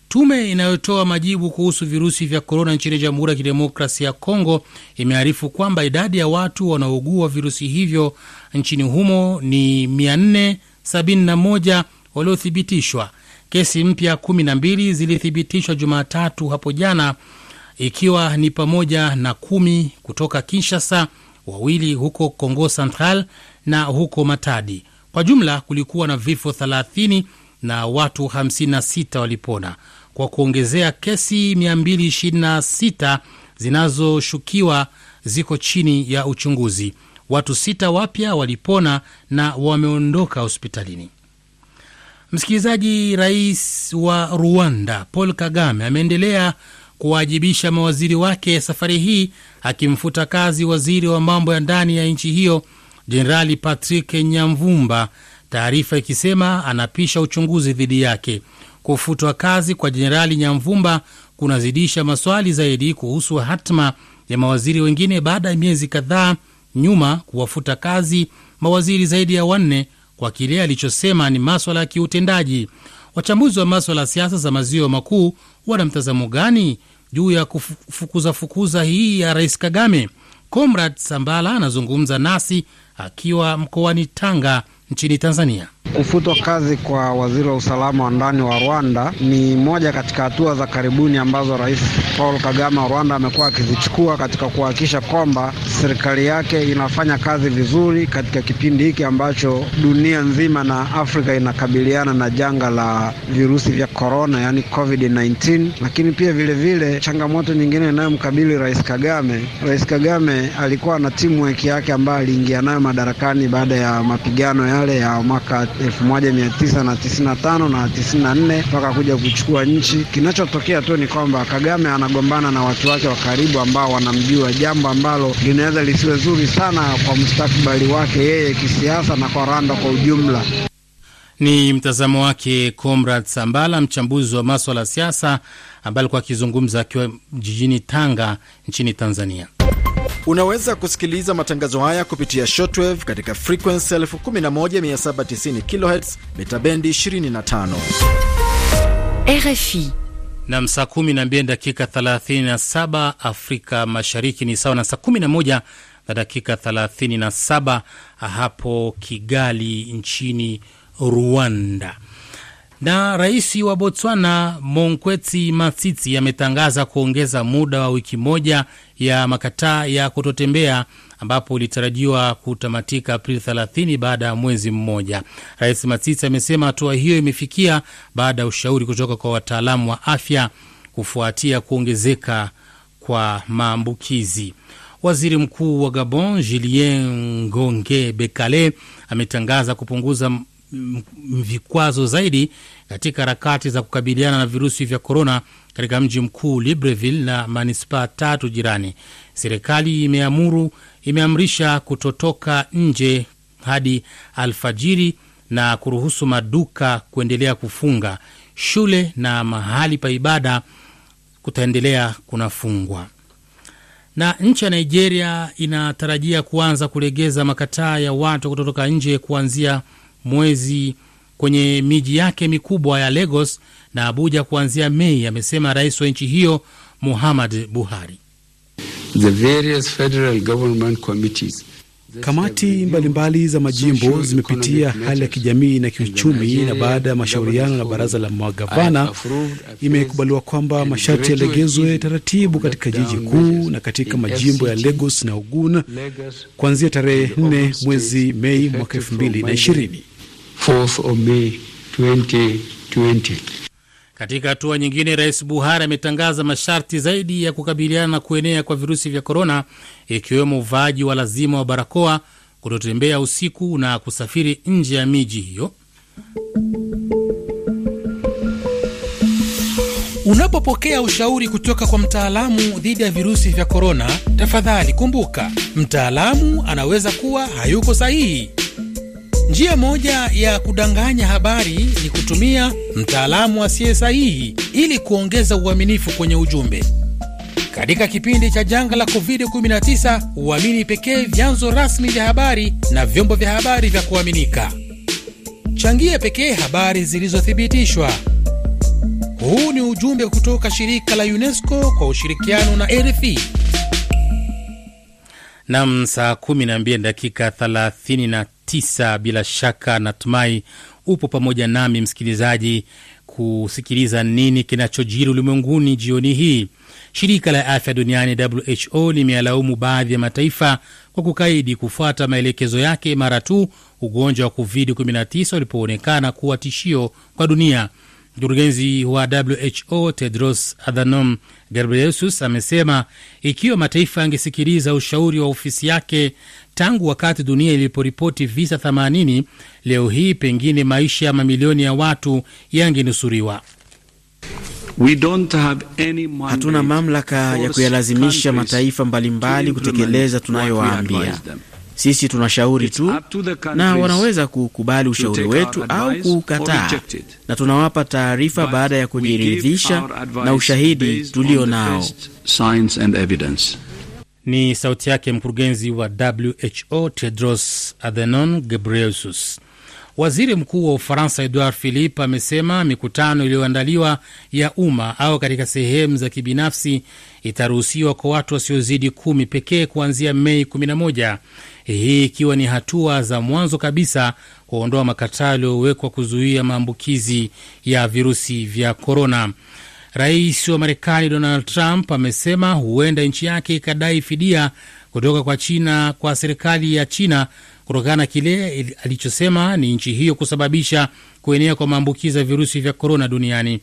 Tume inayotoa majibu kuhusu virusi vya korona nchini Jamhuri ya Kidemokrasia ya Kongo imearifu kwamba idadi ya watu wanaougua virusi hivyo nchini humo ni 471 waliothibitishwa. Kesi mpya 12 zilithibitishwa Jumatatu hapo jana ikiwa ni pamoja na kumi kutoka Kinshasa, wawili huko congo Central na huko Matadi. Kwa jumla kulikuwa na vifo 30 na watu 56 walipona, kwa kuongezea kesi 226 zinazoshukiwa ziko chini ya uchunguzi. Watu sita wapya walipona na wameondoka hospitalini. Msikilizaji, rais wa Rwanda Paul Kagame ameendelea kuwaajibisha mawaziri wake safari hii akimfuta kazi waziri wa mambo ya ndani ya nchi hiyo Jenerali Patrick Nyamvumba, taarifa ikisema anapisha uchunguzi dhidi yake. Kufutwa kazi kwa Jenerali Nyamvumba kunazidisha maswali zaidi kuhusu hatima ya mawaziri wengine baada ya miezi kadhaa nyuma kuwafuta kazi mawaziri zaidi ya wanne kwa kile alichosema ni maswala ya kiutendaji. Wachambuzi wa maswala ya siasa za maziwa makuu wana mtazamo gani? juu ya kufukuza fukuza hii ya Rais Kagame. Comrad Sambala anazungumza nasi akiwa mkoani Tanga nchini Tanzania. Kufutwa kazi kwa waziri wa usalama wa ndani wa Rwanda ni moja katika hatua za karibuni ambazo Rais Paul Kagame wa Rwanda amekuwa akizichukua katika kuhakikisha kwamba serikali yake inafanya kazi vizuri katika kipindi hiki ambacho dunia nzima na Afrika inakabiliana na janga la virusi vya korona, yani COVID-19, lakini pia vilevile vile, changamoto nyingine inayomkabili Rais Kagame. Rais Kagame alikuwa na timu yake ambayo aliingia nayo madarakani baada ya mapigano yale ya mwaka 1995 na 94 mpaka kuja kuchukua nchi. Kinachotokea tu ni kwamba Kagame anagombana na watu wake wa karibu ambao wanamjua, jambo ambalo linaweza lisiwe zuri sana kwa mustakabali wake yeye kisiasa na kwa Rwanda kwa ujumla. Ni mtazamo wake Comrad Sambala, mchambuzi wa maswala ya siasa, ambaye alikuwa akizungumza akiwa jijini Tanga nchini Tanzania. Unaweza kusikiliza matangazo haya kupitia shortwave katika frequency 11790 kHz mita bendi 25 RFI na saa 12 dakika 37 Afrika Mashariki ni sawa na saa 11 na dakika 37 hapo Kigali nchini Rwanda. Na rais wa Botswana Monkwetsi Masisi ametangaza kuongeza muda wa wiki moja ya makataa ya kutotembea ambapo ilitarajiwa kutamatika Aprili 30 baada ya mwezi mmoja. Rais Masisi amesema hatua hiyo imefikia baada ya ushauri kutoka kwa wataalamu wa afya kufuatia kuongezeka kwa maambukizi. Waziri Mkuu wa Gabon Julien Ngonge Bekale ametangaza kupunguza vikwazo zaidi katika harakati za kukabiliana na virusi vya korona katika mji mkuu Libreville na manispaa tatu jirani. Serikali imeamuru imeamrisha kutotoka nje hadi alfajiri na kuruhusu maduka kuendelea kufunga. Shule na mahali pa ibada kutaendelea kunafungwa. Na nchi ya Nigeria inatarajia kuanza kulegeza makataa ya watu kutotoka nje kuanzia mwezi kwenye miji yake mikubwa ya Lagos na Abuja kuanzia Mei, amesema rais wa nchi hiyo Muhammad Buhari. The various federal government committees Kamati mbalimbali mbali za majimbo zimepitia hali ya kijamii na kiuchumi, na baada ya mashauriano na baraza la magavana imekubaliwa kwamba masharti yalegezwe taratibu katika jiji kuu na katika majimbo ya Lagos na Ogun kuanzia tarehe nne mwezi Mei mwaka 2020. Katika hatua nyingine, Rais Buhari ametangaza masharti zaidi ya kukabiliana na kuenea kwa virusi vya korona, ikiwemo uvaaji wa lazima wa barakoa, kutotembea usiku na kusafiri nje ya miji hiyo. Unapopokea ushauri kutoka kwa mtaalamu dhidi ya virusi vya korona, tafadhali kumbuka, mtaalamu anaweza kuwa hayuko sahihi. Njia moja ya kudanganya habari ni kutumia mtaalamu asiye sahihi ili kuongeza uaminifu kwenye ujumbe. Katika kipindi cha janga la COVID-19, uamini pekee vyanzo rasmi vya habari na vyombo vya habari vya kuaminika. Changia pekee habari zilizothibitishwa. Huu ni ujumbe kutoka shirika la UNESCO kwa ushirikiano na RFI. Nam, saa 12 dakika tisa. Bila shaka natumai upo pamoja nami msikilizaji kusikiliza nini kinachojiri ulimwenguni jioni hii. Shirika la afya duniani WHO limealaumu baadhi ya mataifa kwa kukaidi kufuata maelekezo yake mara tu ugonjwa wa covid-19 ulipoonekana kuwa tishio kwa dunia. Mkurugenzi wa WHO Tedros Adhanom Ghebreyesus amesema ikiwa mataifa yangesikiliza ushauri wa ofisi yake tangu wakati dunia iliporipoti visa 80 leo hii pengine maisha ya mamilioni ya watu yangenusuriwa We don't have any hatuna mamlaka ya kuyalazimisha mataifa mbalimbali kutekeleza tunayowaambia sisi tunashauri tu na wanaweza kukubali ushauri wetu au kuukataa, na tunawapa taarifa baada ya kujiridhisha na ushahidi tulio nao. Ni sauti yake mkurugenzi wa WHO Tedros Adhanom Ghebreyesus. Waziri Mkuu wa Ufaransa Edouard Philippe amesema mikutano iliyoandaliwa ya umma au katika sehemu za kibinafsi itaruhusiwa kwa watu wasiozidi kumi pekee kuanzia Mei 11, hii ikiwa ni hatua za mwanzo kabisa kuondoa makataa yaliyowekwa kuzuia maambukizi ya virusi vya korona. Rais wa Marekani Donald Trump amesema huenda nchi yake ikadai fidia kutoka kwa China kwa serikali ya China kutokana na kile alichosema ni nchi hiyo kusababisha kuenea kwa maambukizi ya virusi vya korona duniani.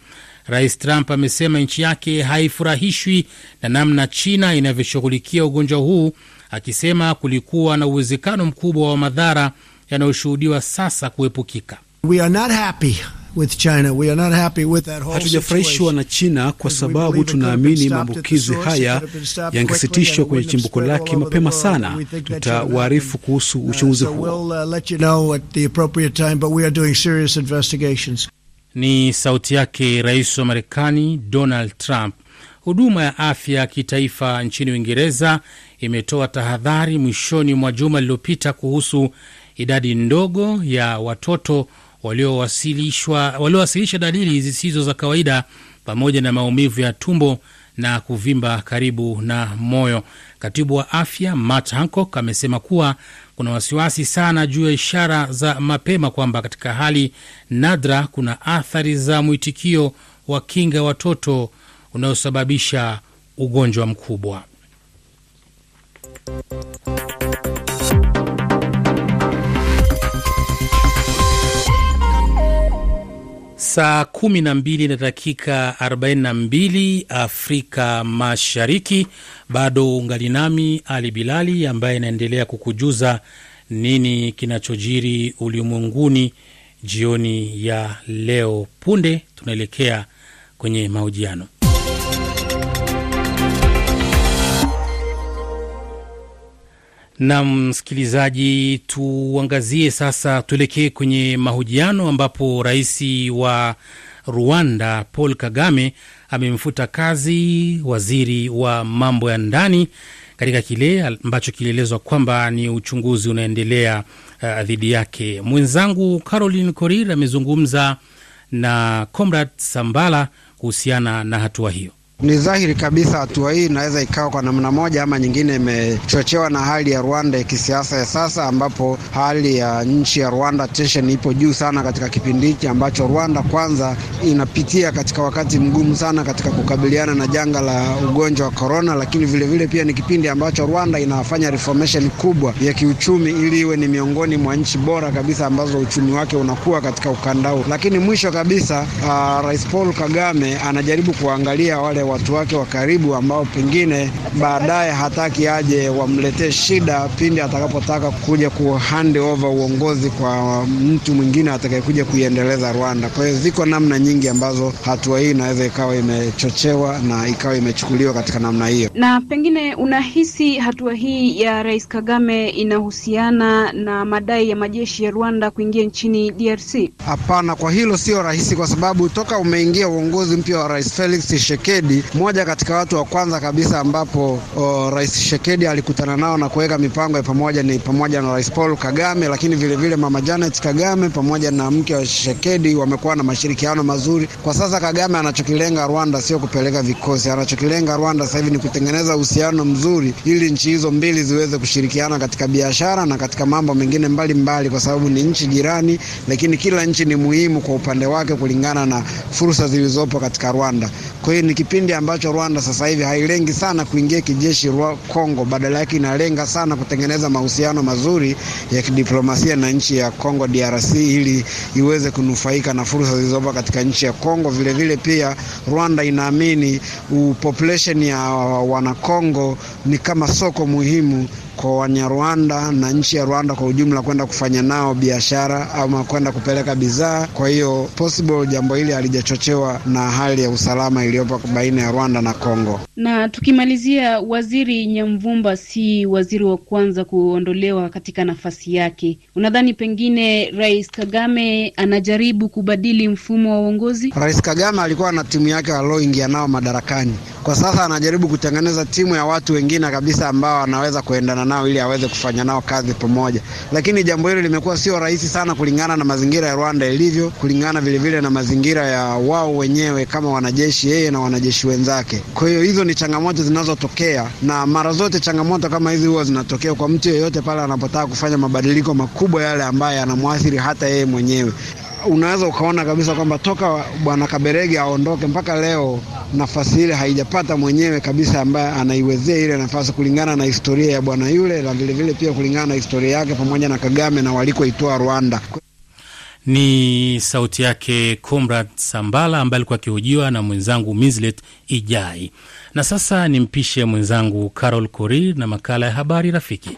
Rais Trump amesema nchi yake haifurahishwi na namna China inavyoshughulikia ugonjwa huu, akisema kulikuwa na uwezekano mkubwa wa madhara yanayoshuhudiwa sasa kuepukika. We are not happy with China. We are not happy with that whole. Hatujafurahishwa na China kwa sababu tunaamini maambukizi haya yangesitishwa kwenye chimbuko lake mapema sana. Tutawaarifu kuhusu uh, uchunguzi huo. Uh, Ni sauti yake Rais wa Marekani Donald Trump. Huduma ya afya ya kitaifa nchini Uingereza imetoa tahadhari mwishoni mwa juma lililopita kuhusu idadi ndogo ya watoto waliowasilisha dalili zisizo za kawaida pamoja na maumivu ya tumbo na kuvimba karibu na moyo. Katibu wa afya Matt Hancock amesema kuwa kuna wasiwasi sana juu ya ishara za mapema kwamba katika hali nadra kuna athari za mwitikio wa kinga watoto unaosababisha ugonjwa mkubwa. Saa 12 na dakika 42 Afrika Mashariki. Bado ungali nami Ali Bilali ambaye inaendelea kukujuza nini kinachojiri ulimwenguni jioni ya leo. Punde tunaelekea kwenye mahojiano. na msikilizaji, tuangazie sasa, tuelekee kwenye mahojiano ambapo rais wa Rwanda Paul Kagame amemfuta kazi waziri wa mambo ya ndani katika kile ambacho kilielezwa kwamba ni uchunguzi unaendelea uh, dhidi yake. Mwenzangu Caroline Korir amezungumza na Comrad Sambala kuhusiana na hatua hiyo. Ni dhahiri kabisa hatua hii inaweza ikawa kwa namna moja ama nyingine imechochewa na hali ya Rwanda ya kisiasa ya sasa, ambapo hali ya nchi ya Rwanda tension ipo juu sana katika kipindi hiki ambacho Rwanda kwanza inapitia katika wakati mgumu sana katika kukabiliana na janga la ugonjwa wa korona, lakini vilevile vile pia ni kipindi ambacho Rwanda inafanya reformation kubwa ya kiuchumi ili iwe ni miongoni mwa nchi bora kabisa ambazo uchumi wake unakuwa katika ukandao. Lakini mwisho kabisa, uh, Rais Paul Kagame anajaribu kuangalia wale watu wake wa karibu ambao pengine baadaye hataki aje wamletee shida pindi atakapotaka kuja ku hand over uongozi kwa mtu mwingine atakayekuja kuiendeleza Rwanda. Kwa hiyo ziko namna nyingi ambazo hatua hii inaweza ikawa imechochewa na ikawa imechukuliwa katika namna hiyo. Na pengine unahisi hatua hii ya Rais Kagame inahusiana na madai ya majeshi ya Rwanda kuingia nchini DRC? Hapana, kwa hilo sio rahisi, kwa sababu toka umeingia uongozi mpya wa Rais Felix Tshisekedi moja katika watu wa kwanza kabisa ambapo o, Rais shekedi alikutana nao na kuweka mipango ya pamoja ni pamoja na Rais Paul Kagame, lakini vile vile Mama Janet Kagame pamoja na mke wa shekedi wamekuwa na mashirikiano mazuri. Kwa sasa Kagame anachokilenga Rwanda sio kupeleka vikosi, anachokilenga Rwanda sasa hivi ni kutengeneza uhusiano mzuri ili nchi hizo mbili ziweze kushirikiana katika biashara na katika mambo mengine mbalimbali mbali, kwa sababu ni nchi jirani, lakini kila nchi ni muhimu kwa upande wake kulingana na fursa zilizopo katika Rwanda. Kwa hiyo ni kipindi kipindi ambacho Rwanda sasa hivi hailengi sana kuingia kijeshi Kongo, badala yake inalenga sana kutengeneza mahusiano mazuri ya kidiplomasia na nchi ya Kongo DRC ili iweze kunufaika na fursa zilizopo katika nchi ya Kongo. Vile vile pia Rwanda inaamini population ya Wanakongo ni kama soko muhimu kwa Wanyarwanda na nchi ya Rwanda kwa ujumla kwenda kufanya nao biashara ama kwenda kupeleka bidhaa. Kwa hiyo possible jambo hili halijachochewa na hali ya usalama iliyopo baina ya Rwanda na Kongo. Na tukimalizia, waziri Nyamvumba si waziri wa kwanza kuondolewa katika nafasi yake. Unadhani pengine Rais Kagame anajaribu kubadili mfumo wa uongozi? Rais Kagame alikuwa na timu yake walioingia nao madarakani, kwa sasa anajaribu kutengeneza timu ya watu wengine kabisa ambao anaweza kuendana kushirikiana nao ili aweze kufanya nao kazi pamoja, lakini jambo hili limekuwa sio rahisi sana kulingana na mazingira ya Rwanda ilivyo, kulingana vilevile vile na mazingira ya wao wenyewe kama wanajeshi, yeye na wanajeshi wenzake. Kwa hiyo hizo ni changamoto zinazotokea, na mara zote changamoto kama hizi huwa zinatokea kwa mtu yeyote pale anapotaka kufanya mabadiliko makubwa yale ambayo yanamwathiri hata yeye mwenyewe unaweza ukaona kabisa kwamba toka bwana Kaberege aondoke mpaka leo nafasi ile haijapata mwenyewe kabisa ambaye anaiwezea ile nafasi kulingana na historia ya bwana yule na vilevile pia kulingana na historia yake pamoja na Kagame na walikoitoa Rwanda. Ni sauti yake Comrade Sambala ambaye alikuwa akihojiwa na mwenzangu Mislet Ijai. Na sasa nimpishe mwenzangu Carol Korir na makala ya habari rafiki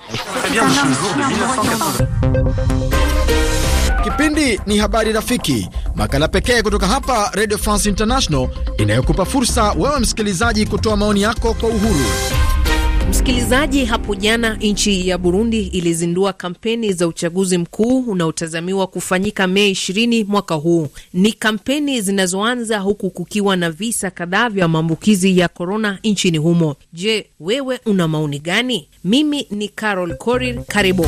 Kipindi ni Habari Rafiki, makala pekee kutoka hapa Radio France International inayokupa fursa wewe msikilizaji kutoa maoni yako kwa uhuru. Msikilizaji, hapo jana nchi ya Burundi ilizindua kampeni za uchaguzi mkuu unaotazamiwa kufanyika Mei 20 mwaka huu. Ni kampeni zinazoanza huku kukiwa na visa kadhaa vya maambukizi ya korona nchini humo. Je, wewe una maoni gani? Mimi ni Carol Korir, karibu.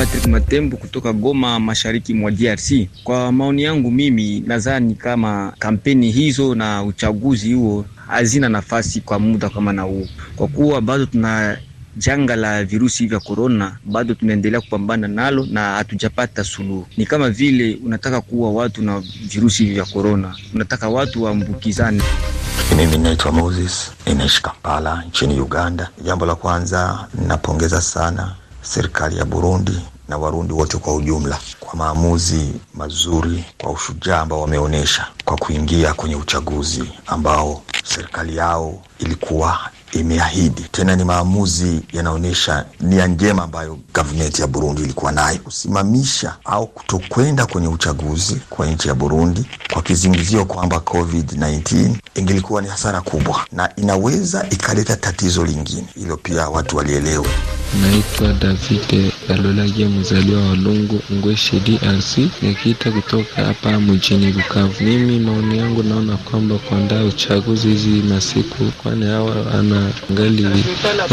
Patrick Matembo kutoka Goma, mashariki mwa DRC. Kwa maoni yangu mimi nadhani kama kampeni hizo na uchaguzi huo hazina nafasi kwa muda kama na huu, kwa kuwa bado tuna janga la virusi vya korona bado tunaendelea kupambana nalo na hatujapata suluhu. Ni kama vile unataka kuua watu na virusi vya korona, unataka watu waambukizane. Mimi naitwa Moses, ninaishi Kampala nchini Uganda. Jambo la kwanza, ninapongeza sana serikali ya Burundi na Warundi wote kwa ujumla kwa maamuzi mazuri, kwa ushujaa ambao wameonyesha kwa kuingia kwenye uchaguzi ambao serikali yao ilikuwa imeahidi tena, ni maamuzi yanaonyesha nia njema ambayo gavumenti ya Burundi ilikuwa nayo, kusimamisha au kutokwenda kwenye uchaguzi kwa nchi ya Burundi kwa kizingizio kwamba COVID-19 ingelikuwa ni hasara kubwa na inaweza ikaleta tatizo lingine. Hilo pia watu walielewe. Naitwa David Balolagia, mzaliwa wa Lungu Ngweshi, DRC, nikiita kutoka hapa mjini Bukavu. Mimi maoni yangu, naona kwamba kuandaa uchaguzi hizi masiku, kwani hawa ana kuna ngali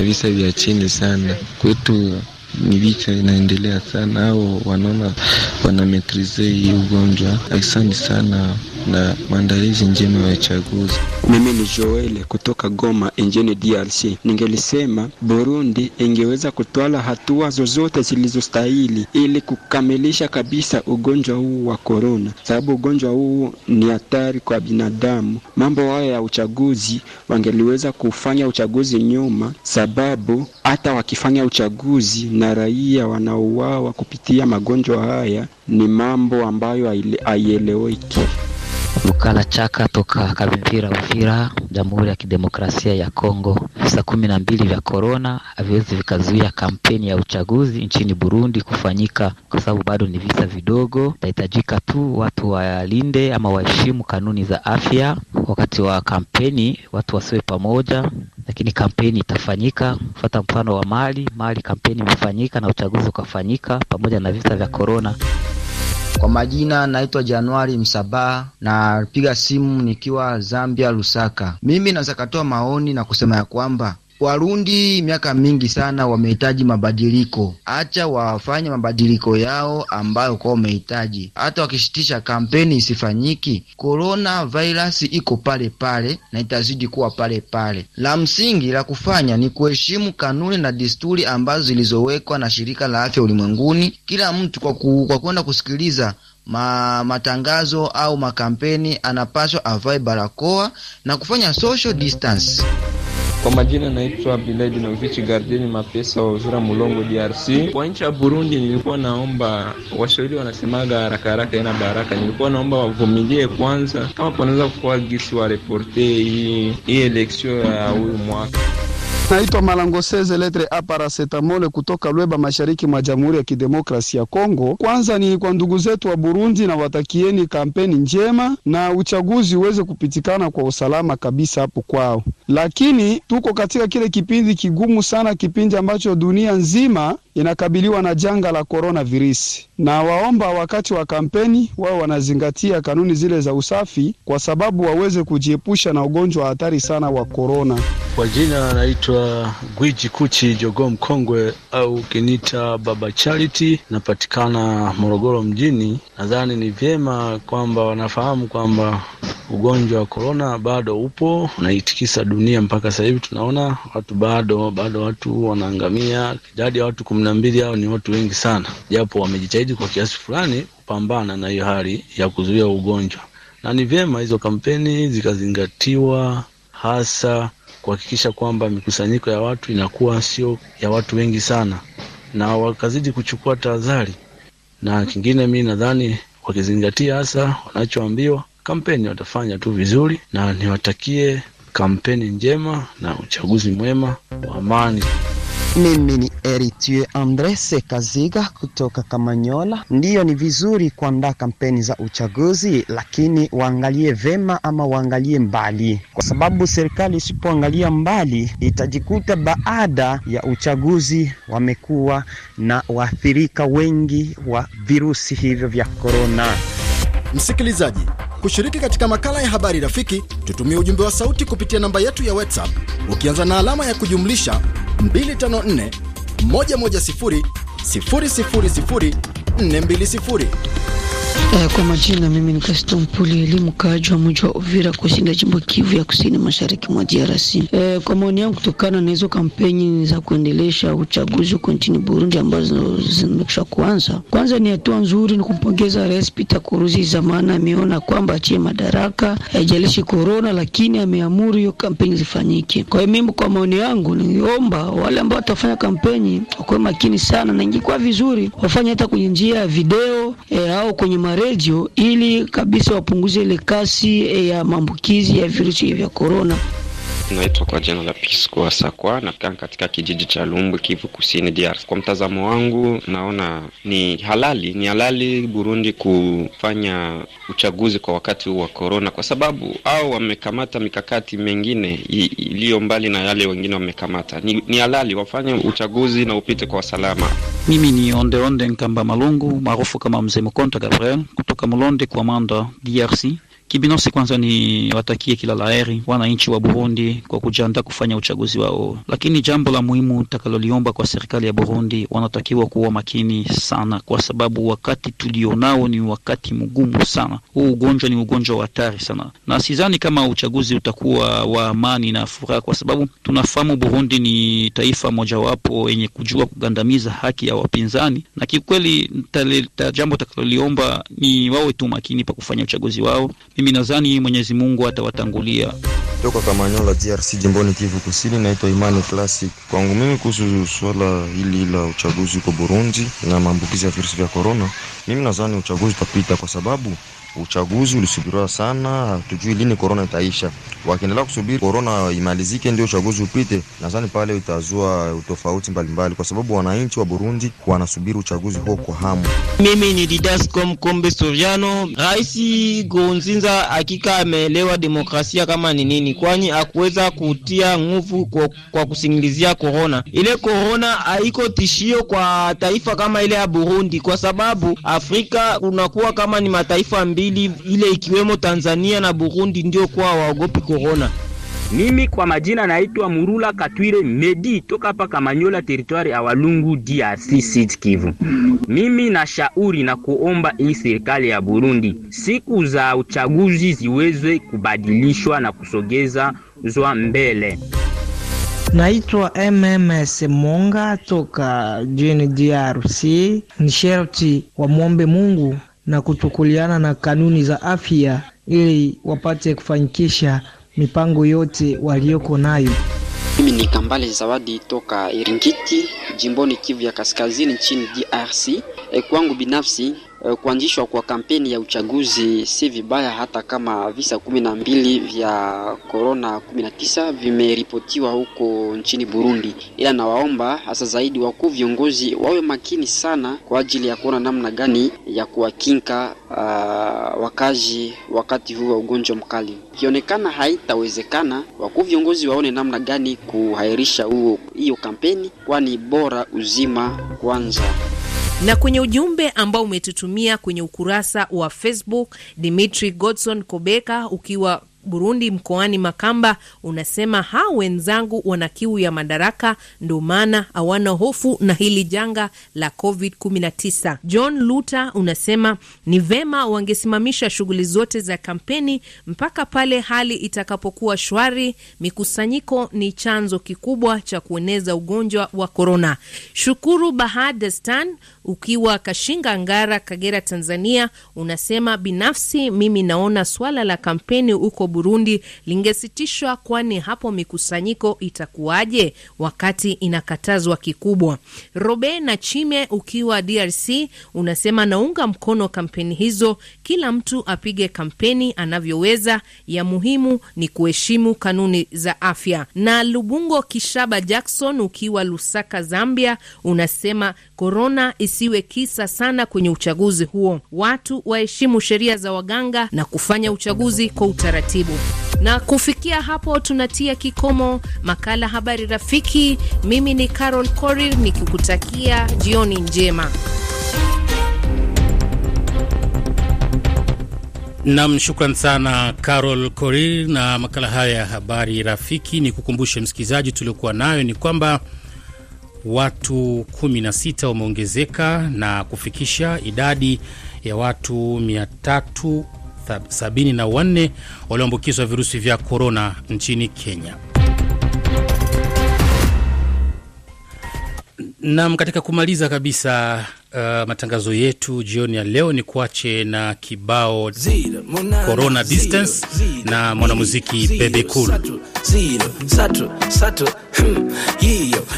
visa vya chini sana kwetu ni vicha inaendelea sana, au wanaona wanametrize hii ugonjwa. Asante sana na maandalizi njema ya uchaguzi. Mimi ni Joel kutoka Goma nchini DRC. Ningelisema Burundi ingeweza kutwala hatua zozote zilizostahili ili kukamilisha kabisa ugonjwa huu wa korona, sababu ugonjwa huu ni hatari kwa binadamu. Mambo haya ya uchaguzi, wangeliweza kufanya uchaguzi nyuma, sababu hata wakifanya uchaguzi na raia wanauawa kupitia magonjwa haya, ni mambo ambayo haieleweki. Lukala Chaka toka Kavimpira Uvira, Jamhuri ya Kidemokrasia ya Kongo. Visa kumi na mbili vya korona haviwezi vikazuia kampeni ya uchaguzi nchini Burundi kufanyika kwa sababu bado ni visa vidogo. Itahitajika tu watu walinde ama waheshimu kanuni za afya. Wakati wa kampeni watu wasiwe pamoja, lakini kampeni itafanyika kufuata mfano wa Mali. Mali kampeni imefanyika na uchaguzi ukafanyika pamoja na visa vya korona. Kwa majina naitwa Januari Msabaha, napiga simu nikiwa Zambia, Lusaka. Mimi naweza katoa maoni na kusema ya kwamba Warundi miaka mingi sana wamehitaji mabadiliko, acha wafanye mabadiliko yao ambayo kwa wamehitaji. Hata wakishitisha kampeni isifanyiki, korona virus iko pale pale na itazidi kuwa pale pale. La msingi la kufanya ni kuheshimu kanuni na desturi ambazo zilizowekwa na Shirika la Afya Ulimwenguni, kila mtu kwa, ku, kwa kwenda kusikiliza ma, matangazo au makampeni anapaswa avae barakoa na kufanya social distance. Kwa majina naitwa Biladi Novichi Gardeni Mapesa wa Uvira Mulongo, DRC. Kwa nchi ya Burundi, nilikuwa naomba washauri, wanasemaga haraka haraka ina baraka. Nilikuwa naomba wavumilie kwanza, kama panaweza kuwa gisi reporte hii hii eleksio ya huyu mwaka Naitwa malango seze Letre A Paracetamol kutoka Lweba, mashariki mwa Jamhuri ya Kidemokrasia ya Kongo. Kwanza ni kwa ndugu zetu wa Burundi, na watakieni kampeni njema na uchaguzi uweze kupitikana kwa usalama kabisa hapo kwao. Lakini tuko katika kile kipindi kigumu sana, kipindi ambacho dunia nzima inakabiliwa na janga la korona virusi, na waomba wakati wa kampeni wao wanazingatia kanuni zile za usafi, kwa sababu waweze kujiepusha na ugonjwa wa hatari sana wa korona. Kwa jina anaitwa naitwa Gwiji Kuchi jogo Mkongwe au kinita Baba Charity, napatikana Morogoro mjini. Nadhani ni vyema kwamba wanafahamu kwamba ugonjwa wa korona bado upo unaitikisa dunia mpaka sasa hivi, tunaona watu bado bado watu wanaangamia. Idadi ya watu kumi na mbili hao ni watu wengi sana, japo wamejitahidi kwa kiasi fulani kupambana na hiyo hali ya kuzuia ugonjwa, na ni vyema hizo kampeni zikazingatiwa hasa kuhakikisha kwamba mikusanyiko ya watu inakuwa sio ya watu wengi sana, na wakazidi kuchukua tahadhari. Na kingine, mi nadhani wakizingatia hasa wanachoambiwa kampeni, watafanya tu vizuri, na niwatakie kampeni njema na uchaguzi mwema wa amani. Mimi ni Eritue Andrese Kaziga kutoka Kamanyola. Ndiyo, ni vizuri kuandaa kampeni za uchaguzi, lakini waangalie vema ama waangalie mbali, kwa sababu serikali isipoangalia mbali itajikuta baada ya uchaguzi wamekuwa na waathirika wengi wa virusi hivyo vya korona. Msikilizaji, kushiriki katika makala ya habari rafiki, tutumie ujumbe wa sauti kupitia namba yetu ya WhatsApp ukianza na alama ya kujumlisha 254 110 000 Uh, Kwa majina mimi ni Gaston Mpuli Eli, mkaaji wa mji wa Uvira kusini, jimbo Kivu ya kusini mashariki mwa DRC. Uh, eh, kwa maoni yangu, kutokana na hizo kampeni za kuendelesha uchaguzi huko nchini Burundi ambazo zimekwisha kuanza, kwanza ni hatua nzuri, ni kumpongeza Rais Pierre Nkurunziza, maana ameona kwamba achie madaraka, haijalishi korona, lakini ameamuru hiyo kampeni zifanyike. Kwa hiyo mimi, kwa maoni yangu, niomba wale ambao watafanya kampeni wakuwe makini sana, na ingekuwa vizuri wafanye hata kwenye njia njia ya video e, au kwenye maredio ili kabisa wapunguze ile kasi e, ya maambukizi ya virusi vya korona. Naitwa kwa jina la Pisco na napatikana katika kijiji cha Lumbwe, Kivu Kusini, DRC. Kwa mtazamo wangu, naona ni halali, ni halali Burundi kufanya uchaguzi kwa wakati huu wa korona, kwa sababu au wamekamata mikakati mengine iliyo mbali na yale wengine wamekamata. Ni, ni halali wafanye uchaguzi na upite kwa salama. Mimi ni Onde Nkamba Malungu, maarufu kama Mzee Mkonta Gabriel, kutoka Mlonde kwa Manda, DRC. Kibinafsi kwanza ni watakie kila laheri wananchi wa Burundi kwa kujiandaa kufanya uchaguzi wao, lakini jambo la muhimu takaloliomba kwa serikali ya Burundi, wanatakiwa kuwa makini sana, kwa sababu wakati tulionao ni wakati mgumu sana. Huu ugonjwa ni ugonjwa wa hatari sana, na sidhani kama uchaguzi utakuwa wa amani na furaha, kwa sababu tunafahamu Burundi ni taifa mojawapo yenye kujua kugandamiza haki ya wapinzani, na kiukweli jambo takaloliomba ni wawe tu makini pa kufanya uchaguzi wao. Mimi nadhani Mwenyezi Mungu atawatangulia. Toka Kamanyola, DRC, jimboni Kivu Kusini. Naitwa Imani Classic. Kwangu mimi, kuhusu swala hili la uchaguzi kwa Burundi na maambukizi ya virusi vya korona, mimi nadhani uchaguzi utapita kwa sababu Uchaguzi ulisubiriwa sana, hatujui lini korona itaisha. Wakiendelea kusubiri korona imalizike ndio uchaguzi upite, nadhani pale itazua utofauti mbalimbali, kwa sababu wananchi wa Burundi wanasubiri uchaguzi huo kwa hamu. Mimi ni Didascom Kombe Soriano. Rais Gonzinza hakika ameelewa demokrasia kama ni nini, kwani akuweza kutia nguvu kwa, kwa kusingilizia korona. Ile korona haiko tishio kwa taifa kama ile ya Burundi, kwa sababu Afrika unakuwa kama ni mataifa mbili mbili ile ikiwemo Tanzania na Burundi, ndio kwa waogopi korona. Mimi kwa majina naitwa Murula Katwire Medi toka hapa Kamanyola territory ya Walungu DRC Sud Kivu. Mimi na shauri na kuomba hii serikali ya Burundi siku za uchaguzi ziweze kubadilishwa na kusogezwa mbele. Naitwa MMS Monga toka jini DRC. Ni sherti wamwombe Mungu na kuchukuliana na kanuni za afya ili wapate kufanikisha mipango yote walioko nayo. Mimi ni Kambale Zawadi toka Iringiti, jimboni Kivu ya Kaskazini, nchini DRC. E, eh, kwangu binafsi Eh, kuanzishwa kwa kampeni ya uchaguzi si vibaya, hata kama visa kumi na mbili vya korona kumi na tisa vimeripotiwa huko nchini Burundi, ila nawaomba hasa zaidi wakuu viongozi wawe makini sana kwa ajili ya kuona namna gani ya kuwakinga uh, wakazi wakati huu wa ugonjwa mkali. Ikionekana haitawezekana, wakuu viongozi waone namna gani kuhairisha huo hiyo kampeni, kwani bora uzima kwanza. Na kwenye ujumbe ambao umetutumia kwenye ukurasa wa Facebook, Dimitri Godson Kobeka ukiwa Burundi mkoani Makamba unasema hao wenzangu wana kiu ya madaraka, ndo maana hawana hofu na hili janga la Covid 19. John Luter unasema ni vema wangesimamisha shughuli zote za kampeni mpaka pale hali itakapokuwa shwari. Mikusanyiko ni chanzo kikubwa cha kueneza ugonjwa wa korona. Shukuru Bahadastan ukiwa Kashinga Ngara, Kagera, Tanzania, unasema binafsi, mimi naona swala la kampeni huko Burundi lingesitishwa, kwani hapo mikusanyiko itakuwaje wakati inakatazwa kikubwa. Robe na Chime, ukiwa DRC, unasema naunga mkono kampeni hizo, kila mtu apige kampeni anavyoweza, ya muhimu ni kuheshimu kanuni za afya. Na Lubungo Kishaba Jackson, ukiwa Lusaka, Zambia, unasema korona is isiwe kisa sana kwenye uchaguzi huo. Watu waheshimu sheria za waganga na kufanya uchaguzi kwa utaratibu. Na kufikia hapo tunatia kikomo makala Habari Rafiki. Mimi ni Carol Korir nikikutakia jioni njema. Nam, shukran sana Carol Korir na makala haya ya Habari Rafiki. Ni kukumbushe msikilizaji, tuliokuwa nayo ni kwamba watu 16 wameongezeka na kufikisha idadi ya watu 374 walioambukizwa virusi vya korona nchini Kenya. Nam, katika kumaliza kabisa Uh, matangazo yetu jioni ya leo ni kuache na kibao corona distance na mwanamuziki Bebe Cool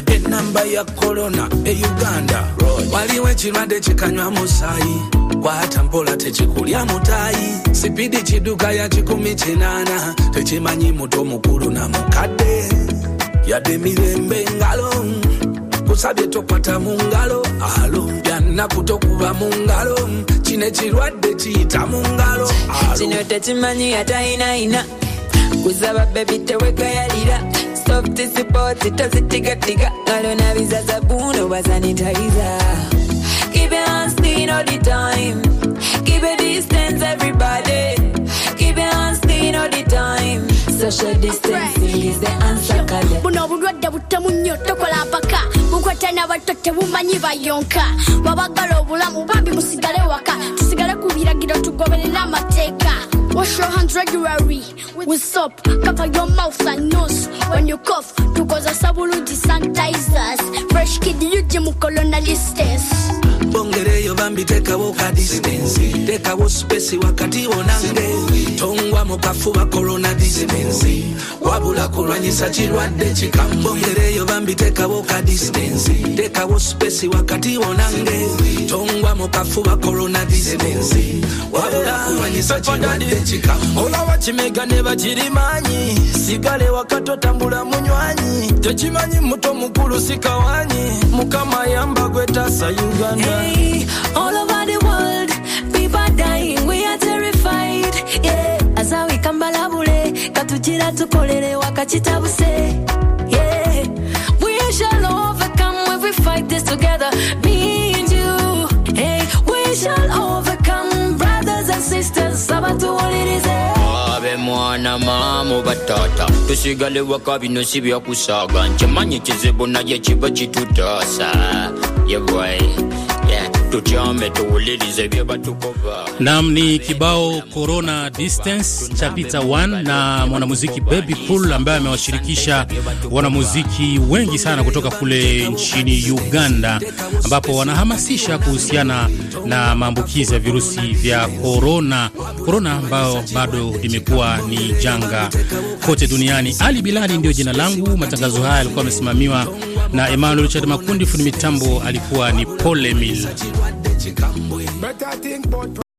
enamba hmm, ya corona e Uganda waliwe chirwadde chikanywa musayi kwatampola techikulya sipidi chiduka ya chikumi chinana techimanyi muto mukulu na mirembe ngalo kusabye mungalo alo nakutokuba mungalo kino ekirwadde kiyita mungalo kino tekimanyi atainaina kuzaba bebi tewekayalira softsport tozitigatiga galo nabizaza buno bazanitaiza buno obulwadde butemu nnyo tokola pak abata n'abato tebumanyi bayonka babagala obulamu bambi musigale waka tusigale ku biragiro tugoberere amateeka Wash your hands regularly with soap. Cover your mouth and nose when you cough. Tukoza sabulu desanitizers kid, you jimu colonialistes bongereyo bambiteekawo ka distance teekawo spesi wakati wonange tongwa mu kafuba corona distance wabula kulwanyisa kirwadde kikamu bongereyo bambiteekawo ka distance teekawo spesi wakati wonange tongwa mu kafuba corona distance wabula kulwanyisa kirwadde kikamu olawa kimega ne bakirimanyi sigale wakati otambula munywanyi tekimanyi muto mukulu sikawanyi mukama yamba gwetasa uganda hey, all over the world people dying we are terrified yeah azawe to katugira wakachita wakakitabuse yeah we shall overcome when we fight this together me and you hey we shall overcome brothers and sisters sabatuwulirize na maamu batata tusigale wakabi nosibya kusaga nkimanyi kizibu naye kiba kitutoosa yebwayi yeah, boy. Nam ni kibao Corona Distance cha Peter One na mwanamuziki Baby Pool ambaye amewashirikisha wanamuziki wengi sana kutoka kule nchini Uganda, ambapo wanahamasisha kuhusiana na maambukizi ya virusi vya korona, corona, ambayo bado limekuwa ni janga kote duniani. Ali Bilali ndiyo jina langu. Matangazo haya yalikuwa yamesimamiwa na Emmanuel Richard Makundi, fundi mitambo alikuwa ni Pole Mil. what the chicken boy. Better think about